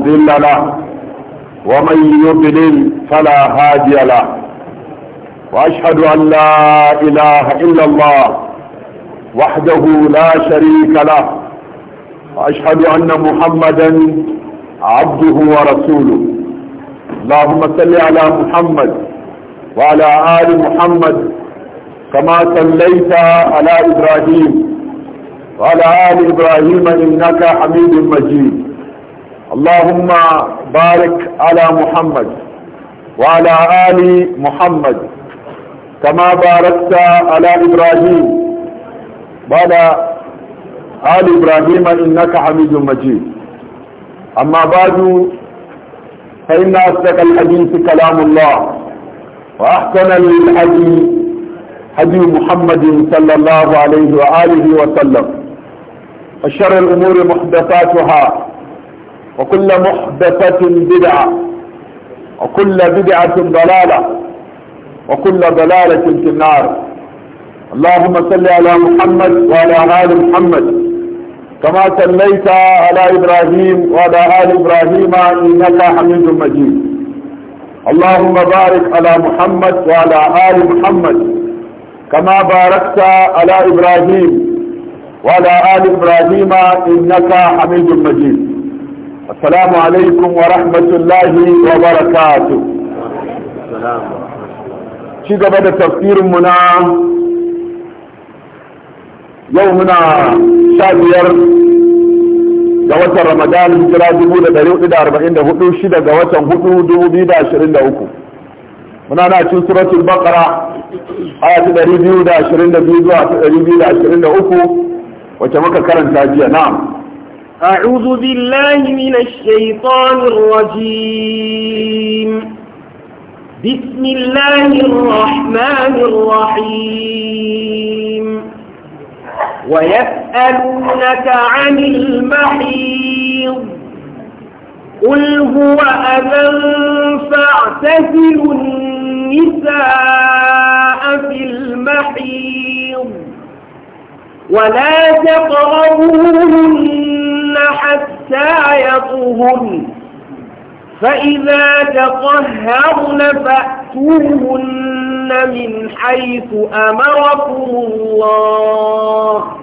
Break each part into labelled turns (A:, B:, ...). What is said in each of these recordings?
A: مضل له ومن يضلل فلا هادي له وأشهد أن لا إله إلا الله وحده لا شريك له وأشهد أن محمدا عبده ورسوله اللهم صل على محمد وعلى آل محمد كما صليت على إبراهيم وعلى آل إبراهيم إنك حميد مجيد اللهم بارك على محمد وعلى آل محمد كما باركت على إبراهيم وعلى آل إبراهيم إنك حميد مجيد أما بعد فإن أصدق الحديث كلام الله وأحسن الحديث هدي محمد صلى الله عليه وآله وسلم وشر الأمور محدثاتها وكل محدثة بدعة وكل بدعة ضلالة وكل ضلالة في النار اللهم صل على محمد وعلى آل محمد كما صليت على إبراهيم وعلى آل إبراهيم إنك حميد مجيد اللهم بارك على محمد وعلى آل محمد كما باركت على إبراهيم وعلى آل إبراهيم إنك حميد مجيد السلام عليكم ورحمة الله وبركاته شي قبل تفكير منا يومنا شابير ga watan Ramadan hijira 1444 shi daga watan 4 muna na cikin suratul baqara aya ta 222 zuwa 223 wacce muka karanta jiya na'am
B: أعوذ بالله من الشيطان الرجيم بسم الله الرحمن الرحيم ويسألونك عن المحيض قل هو أذى فاعتزلوا النساء في المحيض ولا تقربوهن حتى يطهرن فإذا تطهرن فأتوهن من حيث أمركم الله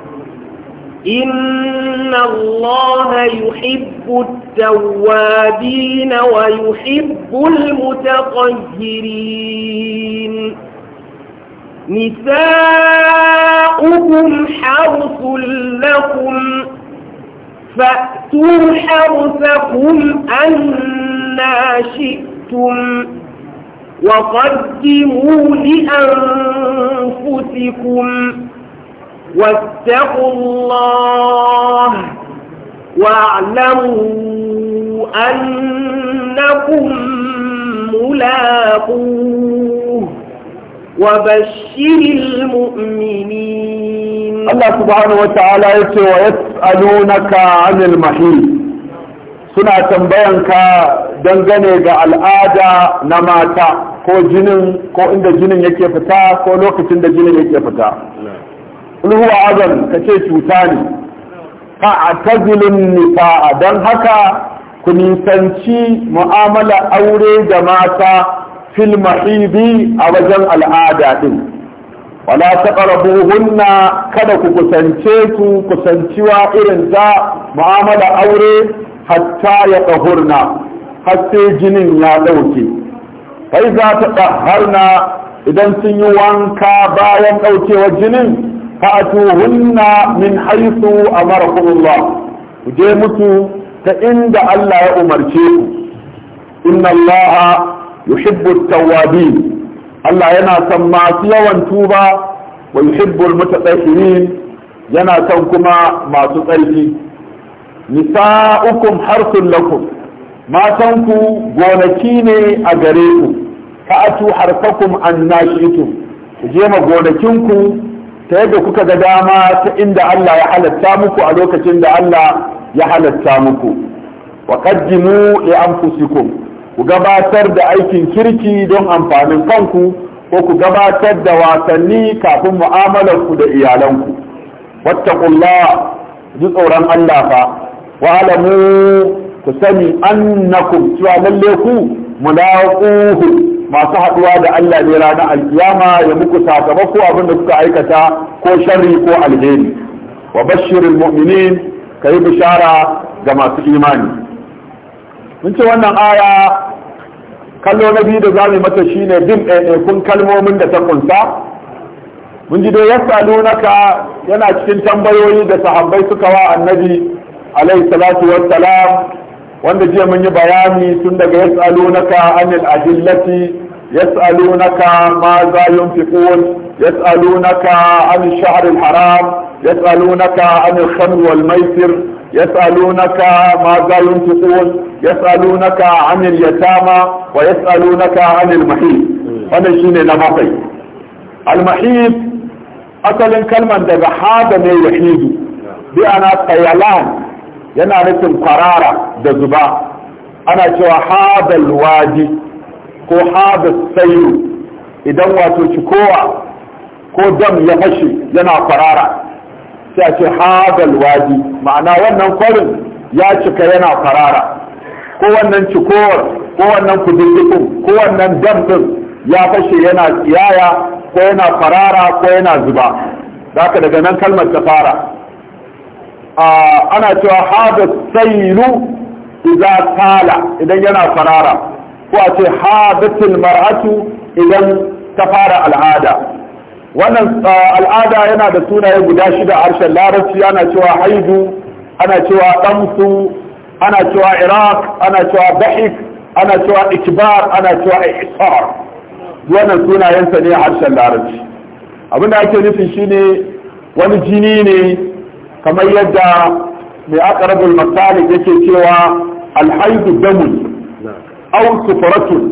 B: إن الله يحب التوابين ويحب المتطهرين نساؤكم حرث لكم فأتوا حرثكم أنا شئتم وقدموا لأنفسكم واتقوا الله واعلموا أنكم ملاقوه وبشر المؤمنين الله سبحانه
A: وتعالى يقول ويسألونك عن المحيط suna tambayanka dangane ga al'ada na mata ko jinin ko inda jinin yake fita ko lokacin da jinin yake fita ulhuwa azan ka ce cuta ne ka a tazilin nifa'a don haka ku nisanci mu'amala aure da mata fil mahidi a wajen al'ada din wala taqrabuhunna kada ku kusance su kusanciwa irin ta mu'amala aure hatta ya tahurna har sai jinin ya dauke kai za ta taharna idan sun yi wanka bayan ɗaukewa jinin fa'atuhunna min haythu Ku je mutu ta inda Allah ya umarce ku inna Allah yuhibbu tawwabin Allah yana son masu yawan tuba wa yuhibbu almutatahhirin yana son kuma masu tsarki nisa'ukum harsun lakum matanku gonaki ne a gare ku fa'atu harkakum an nashitum ku je ma gonakinku ta yadda kuka ga dama ta inda Allah ya halatta muku a lokacin da Allah ya halatta muku wa qaddimu li anfusikum ku gabatar da aikin kirki don amfanin kanku ko ku gabatar da wasanni kafin mu'amalarku da iyalanku wattaqullah ji tsoron Allah fa wa alamu ku sani annakum cewa lalle ku mulaquhu masu haduwa da Allah ne ranar alkiyama ya muku sakamako abin da kuka aikata ko sharri ko alheri wa bashirul mu'minin kai bishara ga masu imani mun ce wannan aya kallo na biyu da zamu mata shine bin ɗaiɗaikun kalmomin da ta kunsa mun ji dai yasalunaka yana cikin tambayoyi da sahabbai suka wa annabi alaihi salatu wassalam wanda jiya mun yi bayani tun daga yasalunaka anil ajillati adillati yasalunaka ma za yunfiqun yasalunaka anil shahril haram yasalunaka anil khamr wal maisir يسألونك ماذا ينفقون يسألونك عن اليتامى ويسألونك عن المحيط wannan shine na bakwai almahid asalin kalman daga hada ne yahidu bi ana tsayalan yana nufin kwarara da zuba ana cewa hadal wadi ko hada sayu idan wato cikowa ko dam ya fashe yana kwarara sai a ce hadal wadi ma'ana wannan kwarin ya cika yana farara ko wannan cikowar ko wannan kududdukin ko wannan dam din ya fashe yana tsiyaya ko yana farara ko yana zuba zaka daga nan kalmar ta fara ana cewa hada sailu idan tala idan yana farara ko a ce hadatul mar'atu idan ta fara al'ada wannan al'ada yana da sunaye guda shida a harshen larabci ana cewa haidu ana cewa damsu ana cewa iraq ana cewa dahik ana cewa ikbar ana cewa isar wannan sunayensa ne a harshen larabci da ake nufi shine wani jini ne kamar yadda mai akarabul masalik yake cewa alhaidu Damul, au Sufratun,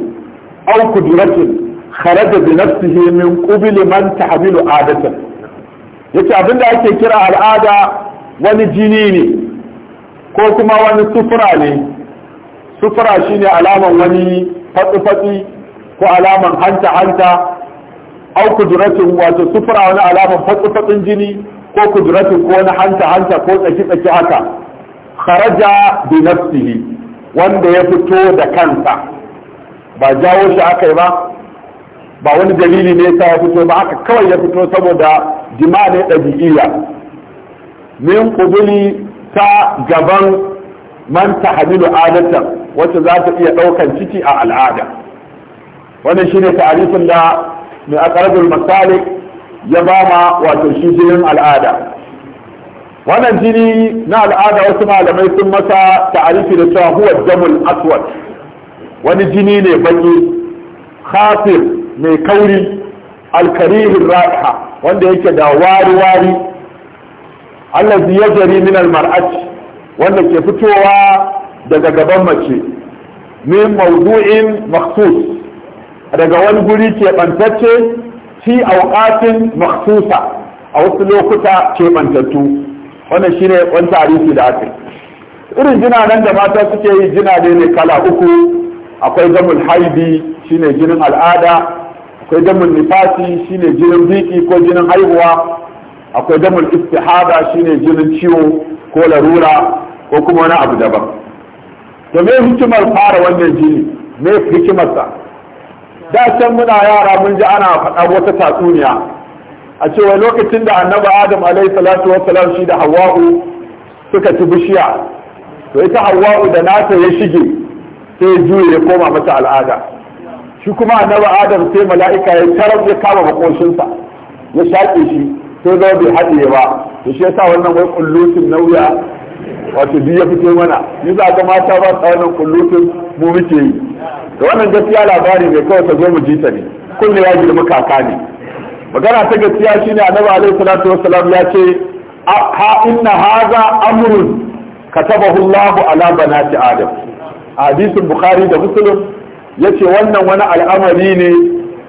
A: au kuduratun خرج بنفسه من قبل من man tahmilu adatan abin da ake kira al'ada wani jini ne ko kuma wani sufura ne sufura shine alaman wani fatsi-fatsi ko alaman hanta-hanta au kuduratin wato sufura wani alaman fatsi-fatsin jini ko kuduratin ko wani hanta-hanta ko tsaki-tsaki haka kharaja bi nafsihi wanda ya fito da kansa ba jawo shi aka yi ba ba wani dalili ne ya ya fito ba haka kawai ya fito saboda jima ne ɗabi'iyya min kubuli ta gaban man ta hamilu adatan wacce za ta iya ɗaukan ciki a al'ada wannan shine ta'arifin da mai akarabul masalik ya ba ma wato shi jinin al'ada wannan jini na al'ada wasu malamai sun masa tarifi da cewa huwa jamul aswad wani jini ne baki khasir mai kauri alkarihin ra'iha wanda yake da wari-wari Allah ya jari min almar'at wanda ke fitowa daga gaban mace min mawdu'in makhsus daga wani guri ke bantacce fi auqatin maksusa a wasu lokuta ke bantattu wannan shine wani tarihi da aka irin jina nan da mata suke yi jina ne kala uku akwai gamul haibi shine jinin al'ada akwai damul nifasi shine jinin biki ko jinin haihuwa akwai damul istihada shine jinin ciwo ko larura ko kuma wani abu daban to me hikimar fara wannan jini me sa da can muna yara mun ji ana faɗa wata tatsuniya a cewa lokacin da annabi adam alaihi salatu wassalam shi da hawa'u suka ci bishiya to ita hawa'u da nata ya shige sai juye ya koma mata al'ada shi kuma annabi adam sai mala'ika ya tarar ya kama makoshinsa ya shaƙe shi sai zama bai haɗiye ba da shi yasa wannan wai kullutin nauya wato biyu ya fito mana ni za ga mata ba sa wannan kullutin mu muke yi da wannan gaskiya labari mai kawai ta zo mu ji ta ne kullu ya girma kaka ne magana ta gaskiya shine annabi alaihi salatu wassalam ya ce ha inna hadha amrun katabahu Allahu ala banati adam hadisin bukhari da muslim yace wannan wani al'amari ne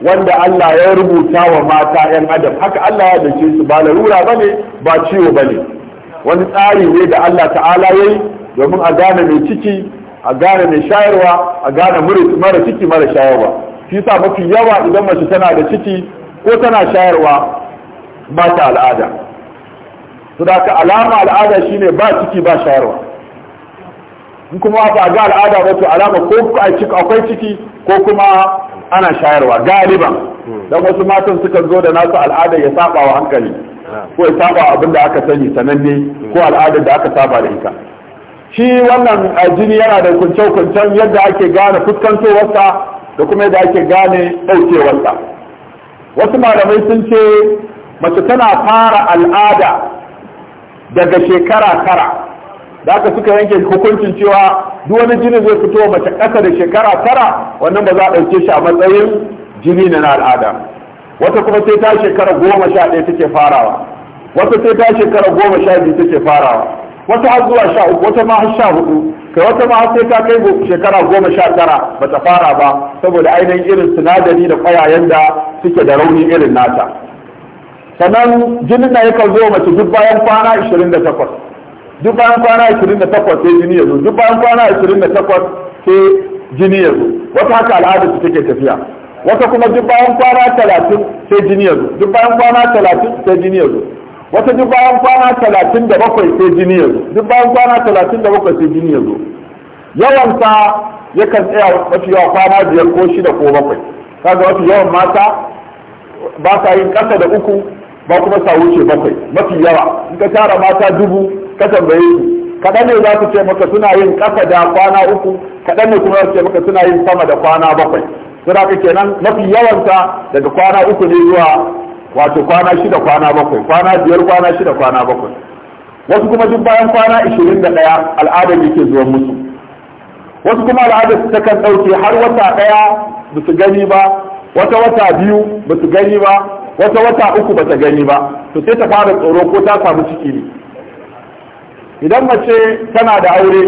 A: wanda Allah ya rubuta wa mata 'yan adam haka Allah ya dace su ba larura bane ba ciwo bane wani tsari ne da Allah ta'ala yayi domin a gane mai ciki a gane mai shayarwa a gane mara ciki mara shayarwa shi sa mafi yawa idan mace tana da ciki ko tana shayarwa ba ta al'ada su da alama al'ada shine ba ciki ba shayarwa in kuma ba ga al'ada ba to alama ko akwai ciki ko kuma ana shayarwa galiba. Hmm. dan wasu matan suka zo da nasu al'ada ya saba wa hankali hmm. ko ya saba abin da aka sani sananne hmm. ko al'adar da aka saba da ita shi wannan jini yana da kunce-kuncen yadda ake gane fuskantowarsa da kuma yadda ake gane ɗaukewarsa wasu malamai sun ce mace tana fara al'ada daga shekara tara da aka suka yanke hukuncin cewa duk wani jini zai fito mace ƙasa da shekara tara wannan ba za a ɗauke shi a matsayin jini na al'ada wata kuma sai ta shekara goma sha ɗaya take farawa wata sai ta shekara goma sha biyu take farawa wata har zuwa sha uku wata ma har sha hudu kai wata ma har sai ta kai shekara goma sha tara ba ta fara ba saboda ainihin irin sinadari da ƙwayayen da suke da rauni irin nata sannan jinin na yakan zo mace duk bayan kwana da takwas. duk bayan kwana 28 sai jini ya zo duk bayan kwana 28 sai jini ya zo wata haka al'ada su take tafiya wata kuma duk bayan kwana 30 sai jini ya zo duk bayan kwana 30 sai jini ya zo wata duk bayan kwana 37 sai jini ya zo duk bayan kwana 37 sai jini ya zo yawan sa yakan tsaya mafi yawa kwana biyar ko shida ko bakwai kaga wasu yawan mata ba sa yin kasa da uku ba kuma sa wuce bakwai mafi yawa in ka tara mata dubu ka tambaye su kaɗan ne za su ce maka suna yin ƙasa da kwana uku kaɗan ne kuma za su ce maka suna yin sama da kwana bakwai suna ka kenan mafi yawanta daga kwana uku ne zuwa wato kwana shida kwana bakwai kwana biyar kwana shida kwana bakwai wasu kuma duk bayan kwana ishirin da ɗaya al'adar yake zuwa musu wasu kuma al'adar ta kan ɗauke har wata ɗaya ba su gani ba wata wata biyu ba su gani ba wata wata uku ba ta gani ba to sai ta fara tsoro ko ta samu ciki ne idan mace tana da aure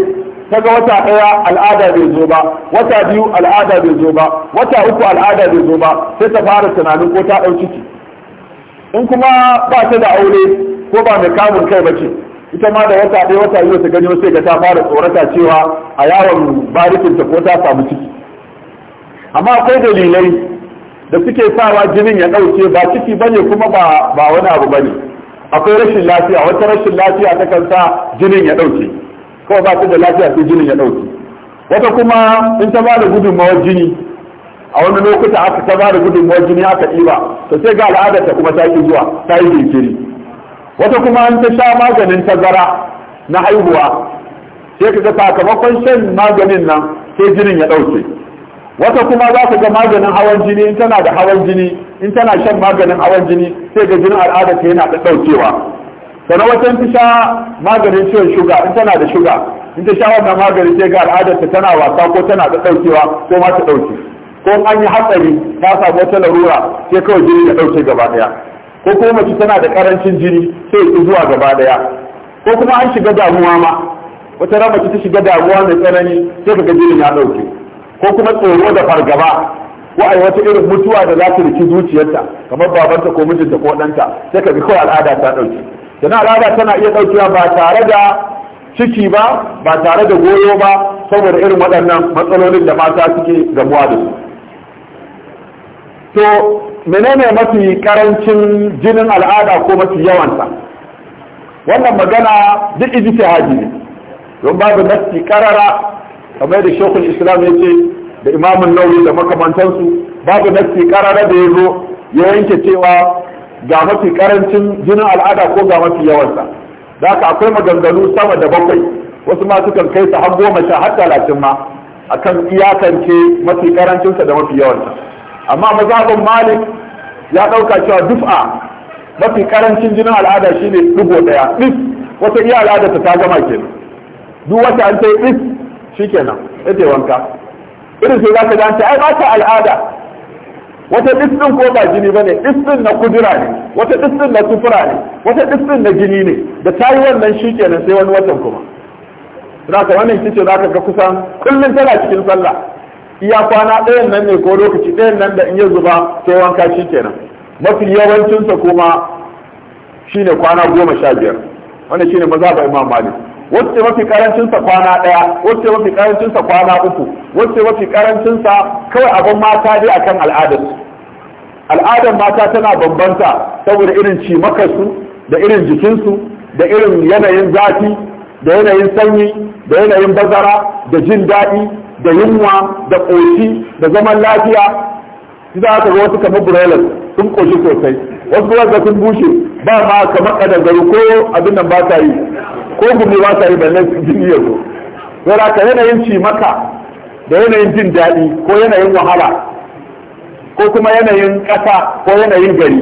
A: ta ga wata ɗaya al'ada bai zo ba wata biyu al'ada bai zo ba wata uku al'ada bai zo ba sai ta fara tunanin ko ta ɗau ciki in kuma ba ta da aure ko ba mai kamun kai ba ce ita ma da wata ɗaya wata biyu ta gani wasu ga ta fara tsorata cewa a yawon barikinta ko ta samu ciki amma akwai dalilai da suke sawa jinin ya ɗauke ba ciki bane kuma ba wani abu bane akwai rashin lafiya wata rashin lafiya ta kan sa jinin ya dauke kawai ba ta da lafiya sai jinin ya dauke wata kuma in ta bada gudunmawa jini a wani lokuta aka ta bada gudunmawa jini aka ɗiba to sai ga al'adar ta kuma ta ki zuwa ta yi jinkiri wata kuma an ta sha maganin tazara na haihuwa sai ka ga sakamakon shan maganin nan sai jinin ya dauke. wata kuma za ku ga maganin hawan jini in tana da hawan jini in tana shan maganin hawan jini sai ga jinin al'ada ta yana da daukewa sannan wata ta sha maganin ciwon shuga in tana da shuga in ta sha wannan maganin sai ga al'adar ta tana wasa ko tana da daukewa ko ma ta dauke ko an yi hatsari ta samu wata larura sai kawai jini ya dauke gaba daya ko kuma mace tana da karancin jini sai ki zuwa gaba daya ko kuma an shiga damuwa ma wata rama ta shiga damuwa mai tsanani sai ka ga jinin ya ɗauke. ko kuma tsoro da fargaba ko a wata irin mutuwa da za ta riki zuciyarta kamar babanta ko mijinta ko ɗanta sai ka bi kawai al'ada ta ɗauke sannan al'ada tana iya ɗaukewa ba tare da ciki ba ba tare da goyo ba saboda irin waɗannan matsalolin da mata suke gamuwa da su to menene mafi karancin jinin al'ada ko mafi yawansa wannan magana duk haji ne don babu nasti karara kamar da shekul islam ya ce da imamun nauyi da makamantansu babu nassi karara da ya zo ya yanke cewa ga mafi karancin jinin al'ada ko ga mafi yawansa da haka akwai maganganu sama da bakwai wasu ma sukan kai su har goma sha har talatin ma akan iyakance mafi karancinsa da mafi yawansa amma mazhabin malik ya ɗauka cewa duf'a mafi karancin jinin al'ada shine dubu ɗaya ɗis wata iya al'adarta ta gama kenan duk wata an ta yi shikenan ita wanka irin sai za ka dace ai ba ta al'ada wata ɗistin ko ba jini ba ne ɗistin na kudura ne wata ɗistin na sufura ne wata ɗistin na jini ne da ta yi wannan shi kenan sai wani watan kuma za ka wannan ce za ka ga kusan kullum tana cikin sallah iya kwana ɗayan nan ne ko lokaci ɗayan nan da in ya zuba sai wanka shi kenan mafi yawancinsa kuma shine kwana goma sha biyar wannan shine maza ba imam malik wacce mafi karancin sa kwana daya wacce mafi karancin kwana uku wacce mafi karancin sa kawai abin mata dai akan al'adar al'adar mata tana bambanta saboda irin cimakarsu da irin jikinsu da irin yanayin zafi da yanayin sanyi da yanayin bazara da jin daɗi da yunwa da ƙoshi da zaman lafiya shi za ka ga wasu kamar broilers sun ƙoshi sosai wasu wanda sun bushe ba ma kamar ƙadangaru ko abin nan ba ta yi ko gumi ba sa yi da na jini ya zo yana ka yanayin ci maka da yanayin jin daɗi ko yanayin wahala ko kuma yanayin ƙasa ko yanayin gari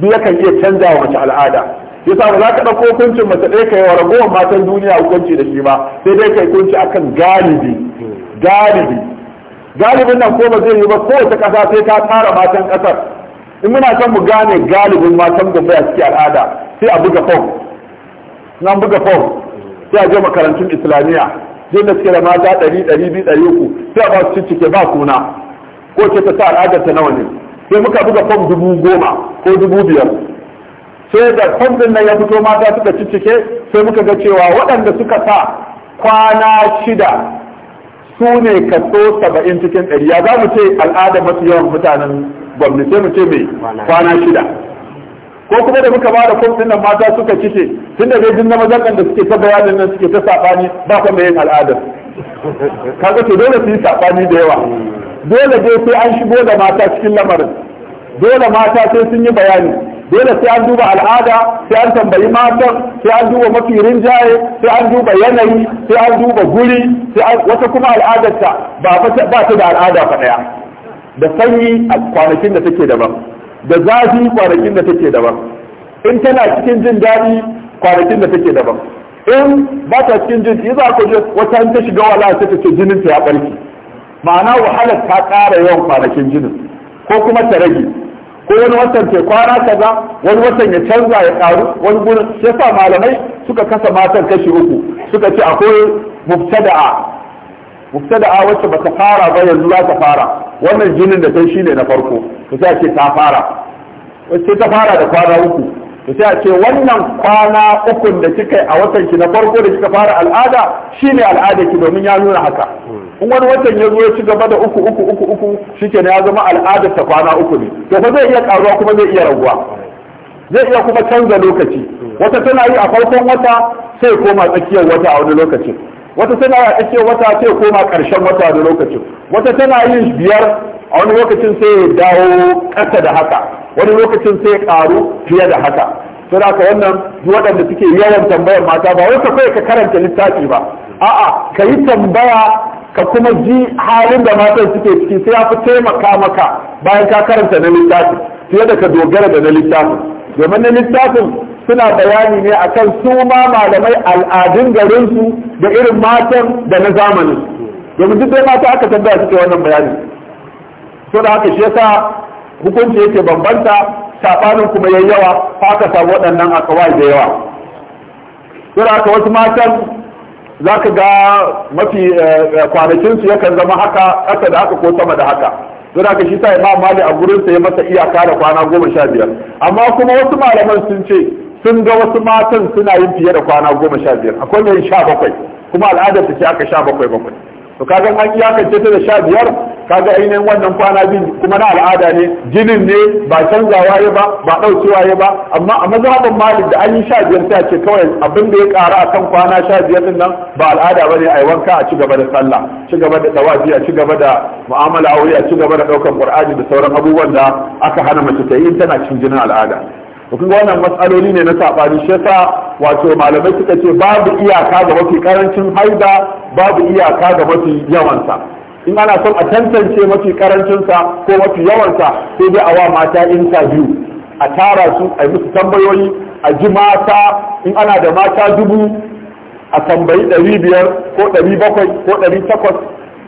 A: duk yakan iya canza wa mace al'ada Ya samu za ka ɗauko hukuncin mace ɗaya ka yi wa ragowar matan duniya hukunci da shi ba sai dai ka yi hukunci akan galibi galibi galibin nan ko ba zai yi ba ko kowace ƙasa sai ta tara matan ƙasar in muna son mu gane galibin matan da a suke al'ada sai a buga fom na buga fom sai a je makarantun islamiyya sai da suke da mata ɗari ɗari biyu ɗari uku sai a ba su cike ba kuna ko ce ta sa al'adar nawa ne sai muka buga fom dubu goma ko dubu biyar sai da form ɗin nan ya fito mata suka ciccike sai muka ga cewa waɗanda suka sa kwana shida su ne kaso saba'in cikin ɗari ya za mu ce al'adar mafi yawan mutanen gwamnati sai mu ce mai kwana shida ko kuma da muka bada kwamfin nan mata suka cike, tun da dai na mazan da suke ta bayanin nan suke ta sabani ba kuma yin al'adar kaga to dole su yi saɓani da yawa dole dai sai an shigo da mata cikin lamarin dole mata sai sun yi bayani dole sai an duba al'ada sai an tambayi matan sai an duba mafi rinjaye sai an duba yanayi sai an duba guri sai wata kuma al'adarta ba ta da al'ada fa daya da sanyi a kwanakin da take daban da zafi kwanakin da take daban in tana cikin jin daɗi kwanakin da take daban in ba ta cikin jin yi za ku je wata ta shiga wala ta ce jinin ta ya ɓarki, ma'ana wahalar ta ƙara yawan kwanakin jinin ko kuma ta rage ko wani watan ta kwana kaza wani watan ya canza ya karu wani gurin shi sa malamai suka kasa matan kashi uku suka ce akwai mubtada'a mubtada'a wacce ba ta fara ba yanzu za ta fara wannan jinin da ta shi ne na farko to sai a ce ta fara ta fara da kwana uku to sai a ce wannan kwana ukun da kika a watan ki na farko da kika fara al'ada shine al'ada ki domin ya nuna haka in wani watan ya zo ya ci gaba da uku uku uku uku shikenan ya zama al'adar ta kwana uku ne to fa zai iya karuwa kuma zai iya raguwa zai iya kuma canza lokaci wata tana yi a farkon wata sai koma tsakiyar wata a wani lokacin wata tana a ake wata ko koma karshen wata da lokacin wata tana yin biyar a wani lokacin sai ya dawo ƙasa da haka wani lokacin sai ya ƙaru fiye da haka sai ka wannan waɗanda suke yawan tambayar mata ba wai kai ka karanta littafi ba a'a ka yi tambaya ka kuma ji halin da matan suke ciki sai ya fi taimaka maka bayan ka karanta na littafi fiye da ka dogara da na littafin domin na littafin suna bayani ne akan su ma malamai al'adun garinsu da irin matan da na zamanin domin duk dai mata aka tambaya suke wannan bayani so da haka shi yasa hukunci yake bambanta sabanin kuma yayi yawa haka samu waɗannan akawai da yawa so da haka wasu matan za ka ga mafi eh, kwanakinsu yakan zama haka ƙasa da haka ko sama da haka don haka shi sa imam mali a gurin ya masa iyaka da kwana goma sha biyar amma kuma wasu malaman sun ce sun ga wasu matan suna yin fiye da kwana goma sha biyar akwai mai sha bakwai kuma al'adar ta ce aka sha bakwai bakwai to kaga an iyakance ta da sha biyar kaga ainihin wannan kwana biyu kuma na al'ada ne jinin ne ba canzawa ya ba ba ɗaukewa ya ba amma a mazhabin malik da an yi sha biyar ta ce kawai abin da ya ƙara a kan kwana sha biyar din nan ba al'ada ba ne a yi wanka a ci gaba da sallah ci gaba da tawafi a ci gaba da mu'amala aure a ci gaba da ɗaukar ƙur'ani, da sauran abubuwan da aka hana mace ta yi tana cin jinin al'ada to wannan matsaloli ne na sabani shi yasa wato malamai suka ce babu iyaka ga mafi karancin haida babu iyaka ga mafi yawansa in ana son a tantance mafi karancinsa ko mafi yawansa sai dai a wa mata interview a tara su a yi musu tambayoyi a ji mata in ana da mata dubu a tambayi ɗari biyar ko ɗari bakwai ko ɗari takwas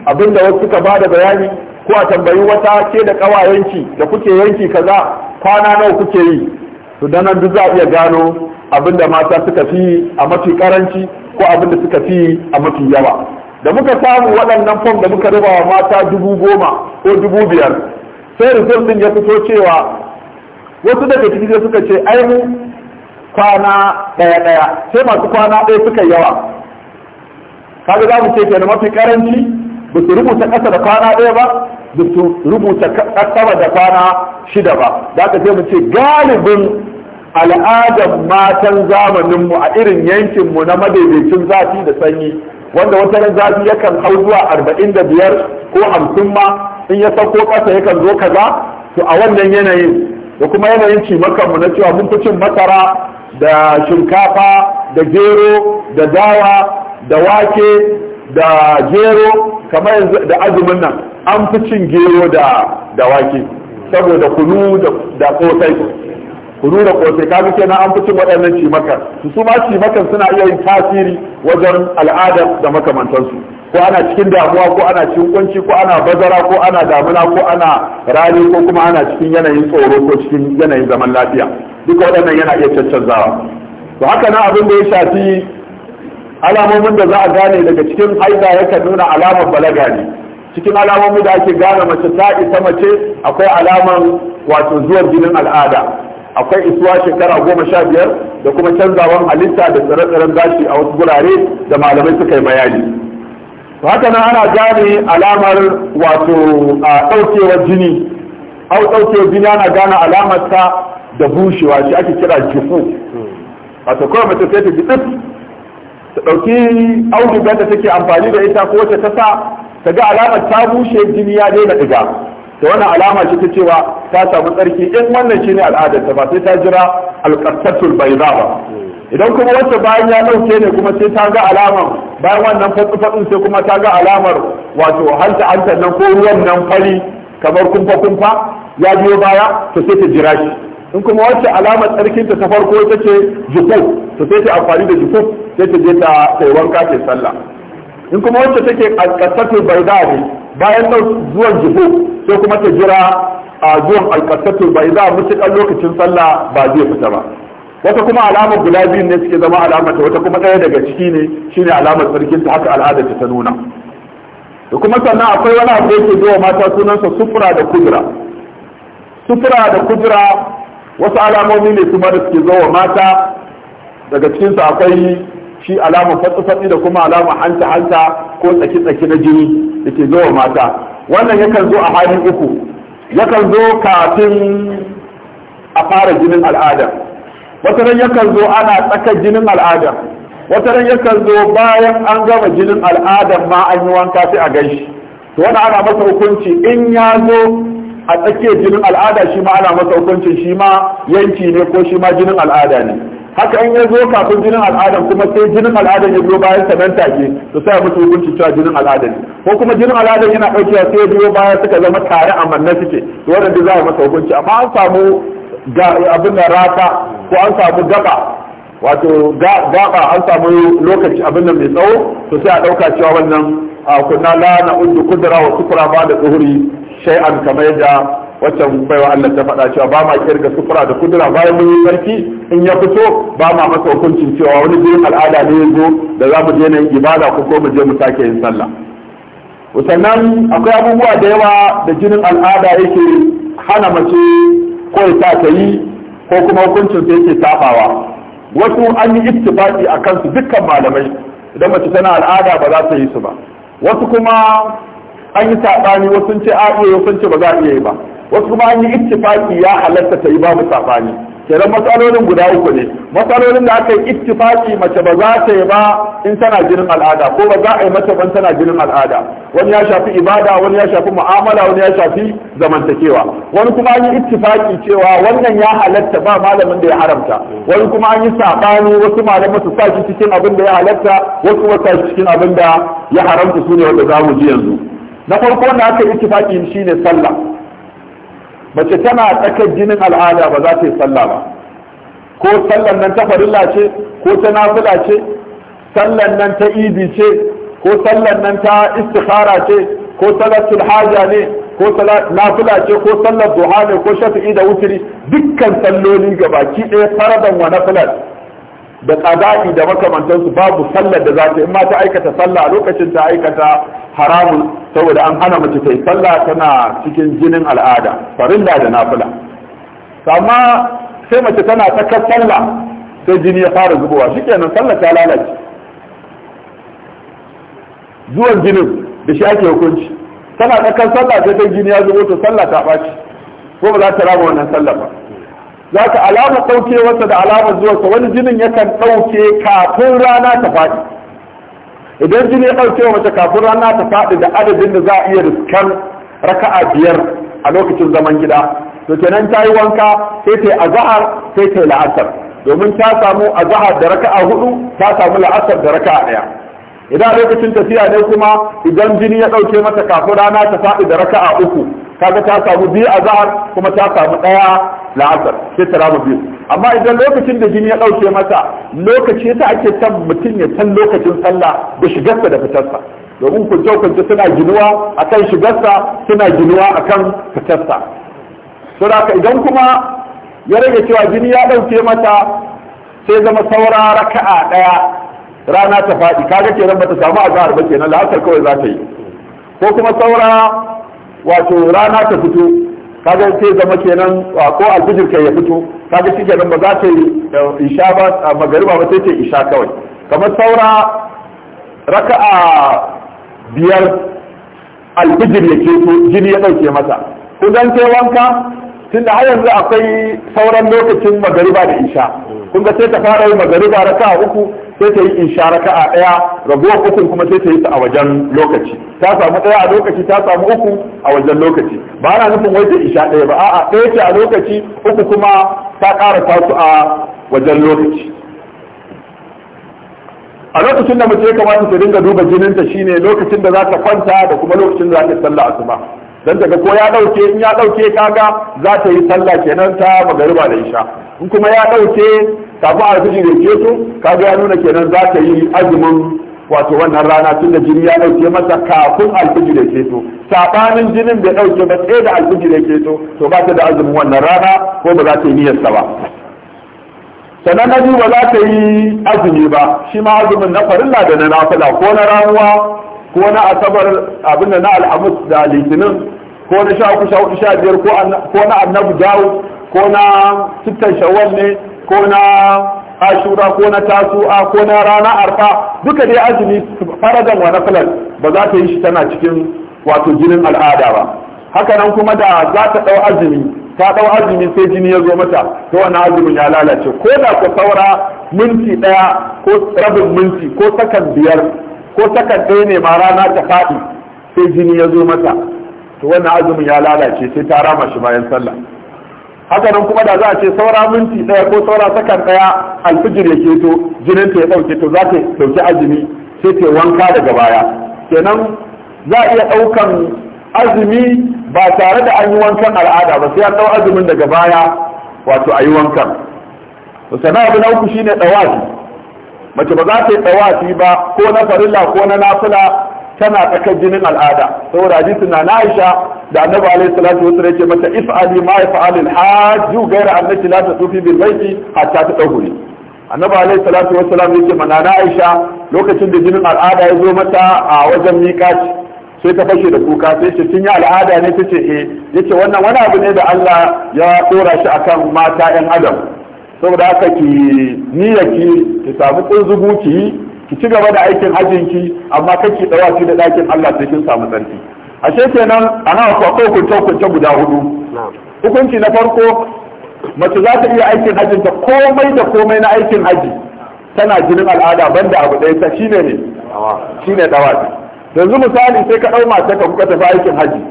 A: abinda wasu suka ba da bayani ko a tambayi wata ke da ƙawayenki da kuke yanki kaza kwana nawa kuke yi to dan nan duk za a iya gano abinda mata suka fi a mafi karanci ko abinda suka fi a mafi yawa da muka samu waɗannan fom da muka rubawa wa mata dubu goma ko dubu biyar sai result din ya fito cewa wasu daga da suka ce ai mu kwana ɗaya ɗaya sai masu kwana ɗaya suka yawa kaga za mu ce kenan mafi karanci ba su rubuta ƙasa da kwana ɗaya ba Dutu rubuta sama da kwana shida ba da aka ce mu ce galibin al'adar matan zamaninmu a irin yankinmu na madaidaicin zafi da sanyi wanda wata ran zafi yakan hau zuwa arba'in da biyar ko hamsin ma in ya sauko ƙasa yakan zo kaza to a wannan yanayin da kuma yanayin mu na cewa mun fi cin masara da shinkafa da gero da dawa da wake da gero kamar yanzu da azumin nan an fi cin gero da da wake saboda kunu da kosai kunu da kosai kaga kenan an fi cin waɗannan cimakar su su ma cimakar suna iya yin tasiri wajen al'ada da makamantansu ko ana cikin damuwa ko ana cikin kunci ko ana bazara ko ana damuna ko ana rani ko kuma ana cikin yanayin tsoro ko cikin yanayin zaman lafiya duka waɗannan yana iya caccanzawa to haka nan abin da ya shafi alamomin da za a gane daga cikin haida yakan nuna alamar balaga ne cikin alamomin da ake gane mace ta isa mace akwai alaman wato zuwan jinin al'ada akwai isuwa shekara goma sha biyar da kuma canzawan halitta da tsare-tsaren gashi a wasu gurare da malamai suka yi bayani haka nan ana gane alamar wato a ɗaukewar jini au ɗaukewar jini ana gane alamar ta da bushewa shi ake kira jufu wato kawai mace sai ta ji ta ɗauki audugar da take amfani da ita ko wacce ta sa ta ga alamar ta bushe jini ya daina ɗiga ta wannan alama ce ta cewa ta samu tsarki in wannan shi al'adar ta ba sai ta jira bai za ba idan kuma wacce bayan ya ɗauke ne kuma sai ta ga alamar bayan wannan fatsu fatsun sai kuma ta ga alamar wato hanta hantar nan ko ruwan nan fari kamar kumfa kumfa ya biyo baya ta sai ta jira shi in kuma wacce alamar tsarkinta ta farko ta ce jiku to sai ta amfani da jiku sai ta je ta sai wanka ta sallah in kuma wacce take alƙasatu baida ne bayan zuwan jukuf sai kuma ta jira a zuwan alƙasatu baida mutuƙar lokacin sallah ba zai fita ba wata kuma alamar guda biyu ne suke zama alamar wata kuma ɗaya daga ciki ne shine alamar tsarkinta haka al'ada ta nuna da kuma sannan akwai wani abu da yake zuwa mata sunansa sufura da kudura sufura da kudura wasu alamomi ne kuma da suke zo wa mata daga cikinsu akwai shi alamar fatsi da kuma alamar hanta-hanta ko tsaki-tsaki na jini da ke zo wa mata wannan yakan zo a halin uku yakan zo kafin a fara jinin al'ada wata ran yakan zo ana tsaka jinin al'ada wata ran yakan zo bayan an gama jinin al'ada ma an yi wanka sai a gaishi to wani ana masa hukunci in ya zo a tsakiyar jinin al'ada shi ma ana masa hukuncin shi ma yanki ne ko shi ma jinin al'ada ne haka in ya zo kafin jinin al'adan kuma sai jinin al'adan ya biyo bayan sa nan take to sai musu hukunci cewa jinin al'adan ne ko kuma jinin al'adan yana daukewa sai ya biyo bayan suka zama tare a manna suke to wannan da za a masa hukunci amma an samu ga abin da rata ko an samu gaba wato gaba an samu lokaci abin nan mai tsawo to sai a ɗauka cewa wannan kunna la na uddu kudra wa sukra ba da tsuhuri shay'an kamar yadda waccan baiwa Allah ta faɗa cewa ba ma kirga sufura da kudura bayan mun yi sarki in ya fito ba ma masa hukuncin cewa wani jirin al'ada ne ya da za mu je na yin ibada ko ko mu je mu sake yin sallah Wasannan akwai abubuwa da yawa da jinin al'ada yake hana mace ko ya ta yi ko kuma hukuncin ta yake tabawa wasu an yi ittifaqi akan su dukkan malamai idan mace tana al'ada ba za ta yi su ba wasu kuma an yi saɓani wasu sun ce a iya wasu sun ce ba za a iya yi ba wasu kuma an yi ittifaki ya halatta ta yi babu saɓani kenan matsalolin guda uku ne matsalolin da aka yi ittifaki mace ba za ta yi ba in tana jinin al'ada ko ba za a yi mace ban tana jinin al'ada wani ya shafi ibada wani ya shafi mu'amala wani ya shafi zamantakewa wani kuma an yi ittifaki cewa wannan ya halatta ba malamin da ya haramta wani kuma an yi saɓani wasu malaman su sa shi cikin abin da ya halatta wasu wata cikin abin da ya haramta su ne wanda za mu ji yanzu na farko da aka yi shi ne sallah mace tana tsakar jinin al'ada ba za ta yi sallah ba ko sallan nan ta farilla ce ko ta nafila ce sallan nan ta idi ce ko sallan nan ta istikhara ce ko salatul haja ne ko nafila ce ko sallar duha ne ko shafi'i da wuturi. dukkan salloli baki ɗaya faradan wa nafilat da qada'i da makamantansu babu sallar da za ta in ma ta aikata sallah a lokacin ta aikata haramun saboda an hana mace ta yi sallah tana cikin jinin al'ada farilla da nafila amma sai mace tana tsakar sallah sai jini ya fara zubowa nan sallah ta lalace zuwan jinin da shi ake hukunci tana tsakar sallah sai ta jini ya zubo to sallah ta ɓaci ko ba za ta raba wannan sallah ba za ka alama ɗaukewarsa da alama zuwarsa wani jinin yakan ɗauke kafin rana ta faɗi idan jini ya ɗauke mace kafin rana ta faɗi da adadin da za a iya riskan raka'a biyar a lokacin zaman gida to kenan ta yi wanka sai ta yi azahar sai ta yi la'asar domin ta samu azahar da raka'a hudu ta samu la'asar da raka'a ɗaya idan lokacin tafiya ne kuma idan jini ya ɗauke mata kafin rana ta faɗi da raka'a uku kaga ta samu biyu azahar kuma ta samu ɗaya la'asar sai ta rama biyu amma idan lokacin da jini ya ɗauke masa lokaci ta ake san mutum ya san lokacin sallah da shigarsa da fitarsa domin kunce-kunce suna ginuwa akan shigarsa suna ginuwa akan fitarsa saboda idan kuma ya rage cewa jini ya ɗauke masa sai zama saura raka'a ɗaya rana ta faɗi kaga kenan bata samu azhar ba kenan la'asar kawai za ta yi ko kuma saura wato rana ta fito kaga sai zama kenan ko alfijir kai ya fito kaga shi kenan ba za ta yi eh, isha ba a magariba ba sai ta isha kawai kamar saura raka'a biyar alfijir ya keto jini ya dauke masa. Kun dan wanka tunda har yanzu akwai sauran lokacin magariba da isha kun ga sai ta fara yin magariba raka'a uku sai ta yi in sha a ɗaya. raguwar uku kuma sai ta yi su a wajen lokaci ta samu ɗaya a lokaci ta samu uku a wajen lokaci ba ana nufin wai ta isha ɗaya ba a'a ɗaya ce a lokaci uku kuma ta ƙara ta a wajen lokaci a lokacin da mace ya kamata ta dinga duba jininta shine lokacin da za ta kwanta da kuma lokacin da za ta sallah asuba dan daga ko ya dauke in ya ɗauke kaga za ta yi sallah kenan ta magariba da isha in kuma ya ɗauke kafin alfiji da ke su kaga ya nuna kenan za ta yi azumin wato wannan rana tun da jini ya ɗauke masa kafin alfiji da ke su sabanin jinin bai ɗauke ba sai da alfiji da ke to ba ta da azumin wannan rana ko ba za ta yi niyyarsa ba sannan na biyu ba za ta yi azumi ba shi ma azumin na farilla da na nafila ko na ramuwa ko na asabar abin da na alhamis da litinin ko na sha uku sha sha biyar ko na annabu dawo ko na sittan shawar ne ko na ashura ko na tasu'a ko na rana arfa duka dai azumi faradan wa nafilan ba za ta yi shi tana cikin wato jinin al'ada ba haka nan kuma da za ta dau azumi ta dau azumi sai jini ya zo mata to wannan azumin ya lalace ko da ku saura minti daya ko rabin minti ko sakan biyar ko takan ɗaya ne ma rana ta faɗi sai jini ya zo mata to wannan azumin ya lalace sai ta rama shi bayan sallah haka nan kuma da za a ce saura minti ɗaya ko saura sakan ɗaya alfijir ya keto jinin ta ya ɗauke to za ta ɗauki azumi sai ta wanka daga baya kenan za a iya ɗaukan azumi ba tare da an yi wankan al'ada ba sai an ɗau azumin daga baya wato a yi wankan. sana'a abu na uku shine ɗawafi mace ba za ta yi tsawafi ba ko na farilla ko na nafila tana tsakar jinin al'ada saboda hadisin na Aisha da Annabi alaihi salatu wasallam yake mata if'ali ma yaf'al al-hajj ghayra annaki la tatufi bil baiti hatta tadhuri Annabi alaihi salatu wasallam yake mana na Aisha lokacin da jinin al'ada ya zo mata a wajen miƙaci sai ta fashe da kuka sai ce kin yi al'ada ne tace eh yace wannan wani abu ne da Allah ya dora shi akan mata 'yan adam saboda haka ki niyya ki ki samu tsinzugu ki yi ki ci gaba da aikin hajjin ki amma kan ki dawa ki da dakin Allah sai kin samu tsarki ashe kenan ana akwai hukunce hukunce guda hudu hukunci na farko mace za ta iya aikin hajjin ta komai da komai na aikin hajji tana jinin al'ada banda abu ɗaya ta shine ne shine yanzu misali sai ka dau mace ka kuka tafi aikin hajji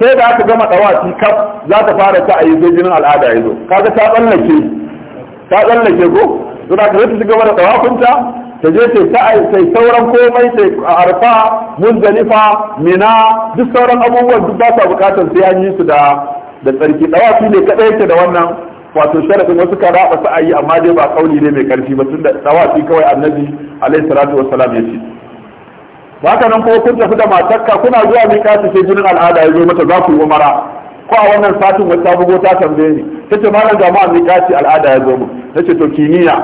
A: sai da aka gama dawafi kaf za ta fara ta ayi sai jinin al'ada ya zo kaga ta tsallake ta tsallake ko suna ka zai ta shiga mana tawafinta ta je ta sai sauran komai ta arfa munzalifa mina duk sauran abubuwan duk ba sa bukatar sai an yi su da da tsarki dawafi ne kadai yake da wannan wato sharafin wasu ka raba su ayi amma dai ba kauli ne mai karfi ba tunda dawafi kawai annabi alaihi salatu wassalam ya ce ba haka nan kuma kun tafi da matakka kuna zuwa miƙa sai jinin al'ada ya zo mata za ku yi umara ko a wannan satin wata bugo ta tambaye ni ta ce malam ga ma'amin kaci al'ada ya zo mu ta ce to kimiyya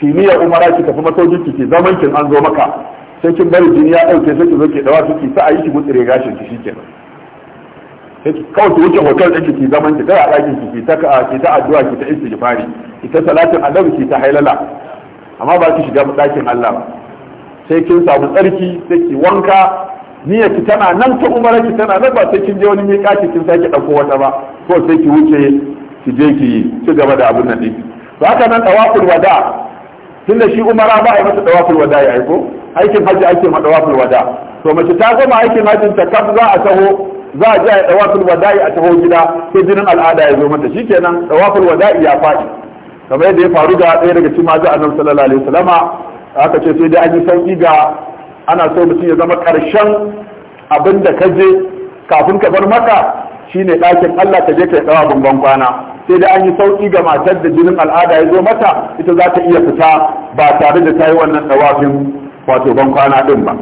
A: kimiyya umara ki tafi masaukin ki zaman kin an zo maka sai kin bari jini ya dauke sai ki zo ki dawa ki sa a yi ki gutsire gashin ki shikenan sai ki kawai ki wuce hotel ɗin ki zaman ki a ɗakin ki ki ta ki ta addu'a ki ta istighfari ki ta salatin annabi ki ta hailala amma ba ki shiga ɗakin Allah ba sai kin samu tsarki sai ki wanka niyyar ki tana nan ta umara ki tana nan ba sai kin je wani mai ki kin sake ɗauko wata ba ko sai ki wuce ki je ki yi ci gaba da abin nan ɗinki to haka nan tawaful wada tunda shi umara ba a masa tawaful wada ya aiko aikin haji ake ma tawaful wada to mace ta gama aikin hajjin ta kaf za a taho za a ji a tawaful wada a taho gida sai jinin al'ada ya zo mata shikenan tawaful wada ya faɗi kamar yadda ya faru ga ɗaya daga cikin maza annabi sallallahu alaihi wasallama aka ce sai dai an yi sauki ga ana so mutum ya zama karshen abin da ka je kafin ka bar maka Shi ne ɗakin Allah ta je ta ɗawa bangon kwana sai dai an yi sauƙi ga matar da jinin al'ada ya zo mata ita za ta iya fita ba tare da ta yi wannan ɗawafin wato ban kwana din ba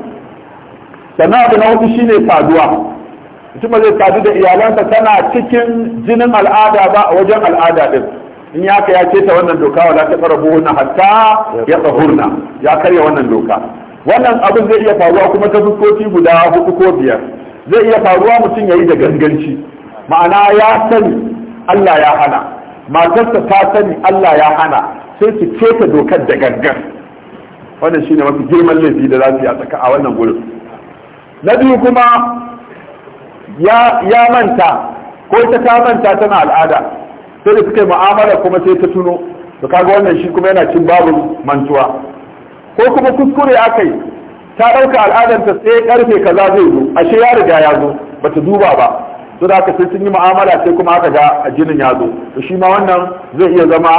A: sannan abu na hudu shine saduwa mutum zai sadu da iyalansa tana cikin jinin al'ada ba a wajen al'ada ɗin. in ya ka ya ce ta wannan doka wala ta karabu na hatta ya tsahurna ya karya wannan doka wannan abin zai iya faruwa kuma ta fuskoci guda hudu ko biyar zai iya faruwa mutum ya yi da ganganci ma'ana ya sani Allah ya hana matarsa ta sani Allah ya hana sai su keta dokar da gangan wannan shine mafi girman laifi da za su yi a tsaka a wannan gurin na biyu kuma ya manta ko ta ta manta tana al'ada sai da suka yi mu'amala kuma sai ta tuno to kaga wannan shi kuma yana cin babu mantuwa ko kuma kuskure akai ta ɗauka al'adanta sai karfe kaza zai zo ashe ya riga ya zo bata duba ba su da sai sun yi ma'amala sai kuma aka ga a jinin ya zo to shi ma wannan zai iya zama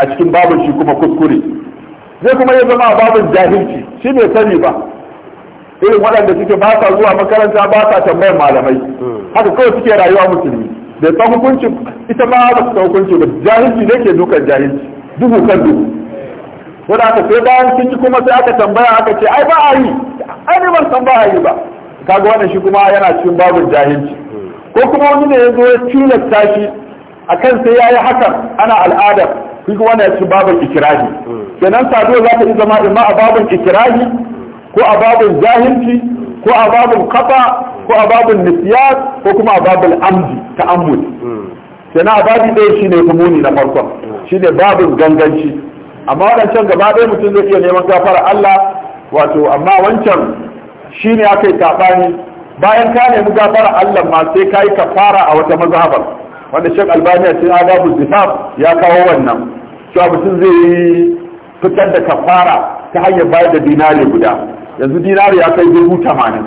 A: a cikin babin shi kuma kuskure zai kuma iya zama a babin jahilci shi bai sani ba irin waɗanda suke ba sa zuwa makaranta ba sa tambayar malamai haka kawai suke rayuwa musulmi bai san hukunci ita ma ba su hukunci ba jahilci ne ke dukan jahilci duhu kan duhu da aka sai bayan sun yi kuma sai aka tambaya aka ce ai ba a yi ai ban san ba a yi ba kaga wannan shi kuma yana cikin babin jahilci ko kuma wani ne ya zo ya tilasta shi kan sai ya yi hakan ana al'adar shi wani ya ci babin ikirahi kenan saduwa za ta yi zama imma a babin ikirahi ko a babin jahilci ko a babin kafa ko a babin nisiyar ko kuma a babin amji ta ammul kenan a babi ɗaya shine ne muni na shi shine babin ganganci amma waɗancan gaba ɗaya mutum zai iya neman gafara Allah wato amma wancan shi ne aka yi bayan ka nemi gafara Allah ma sai kai kafara a wata mazhabar wanda Sheikh Albani ya ce adabu zifaf ya kawo wannan cewa mutum zai yi fitar da kafara ta hanyar bayar da dinari guda yanzu dinari ya kai dubu tamanin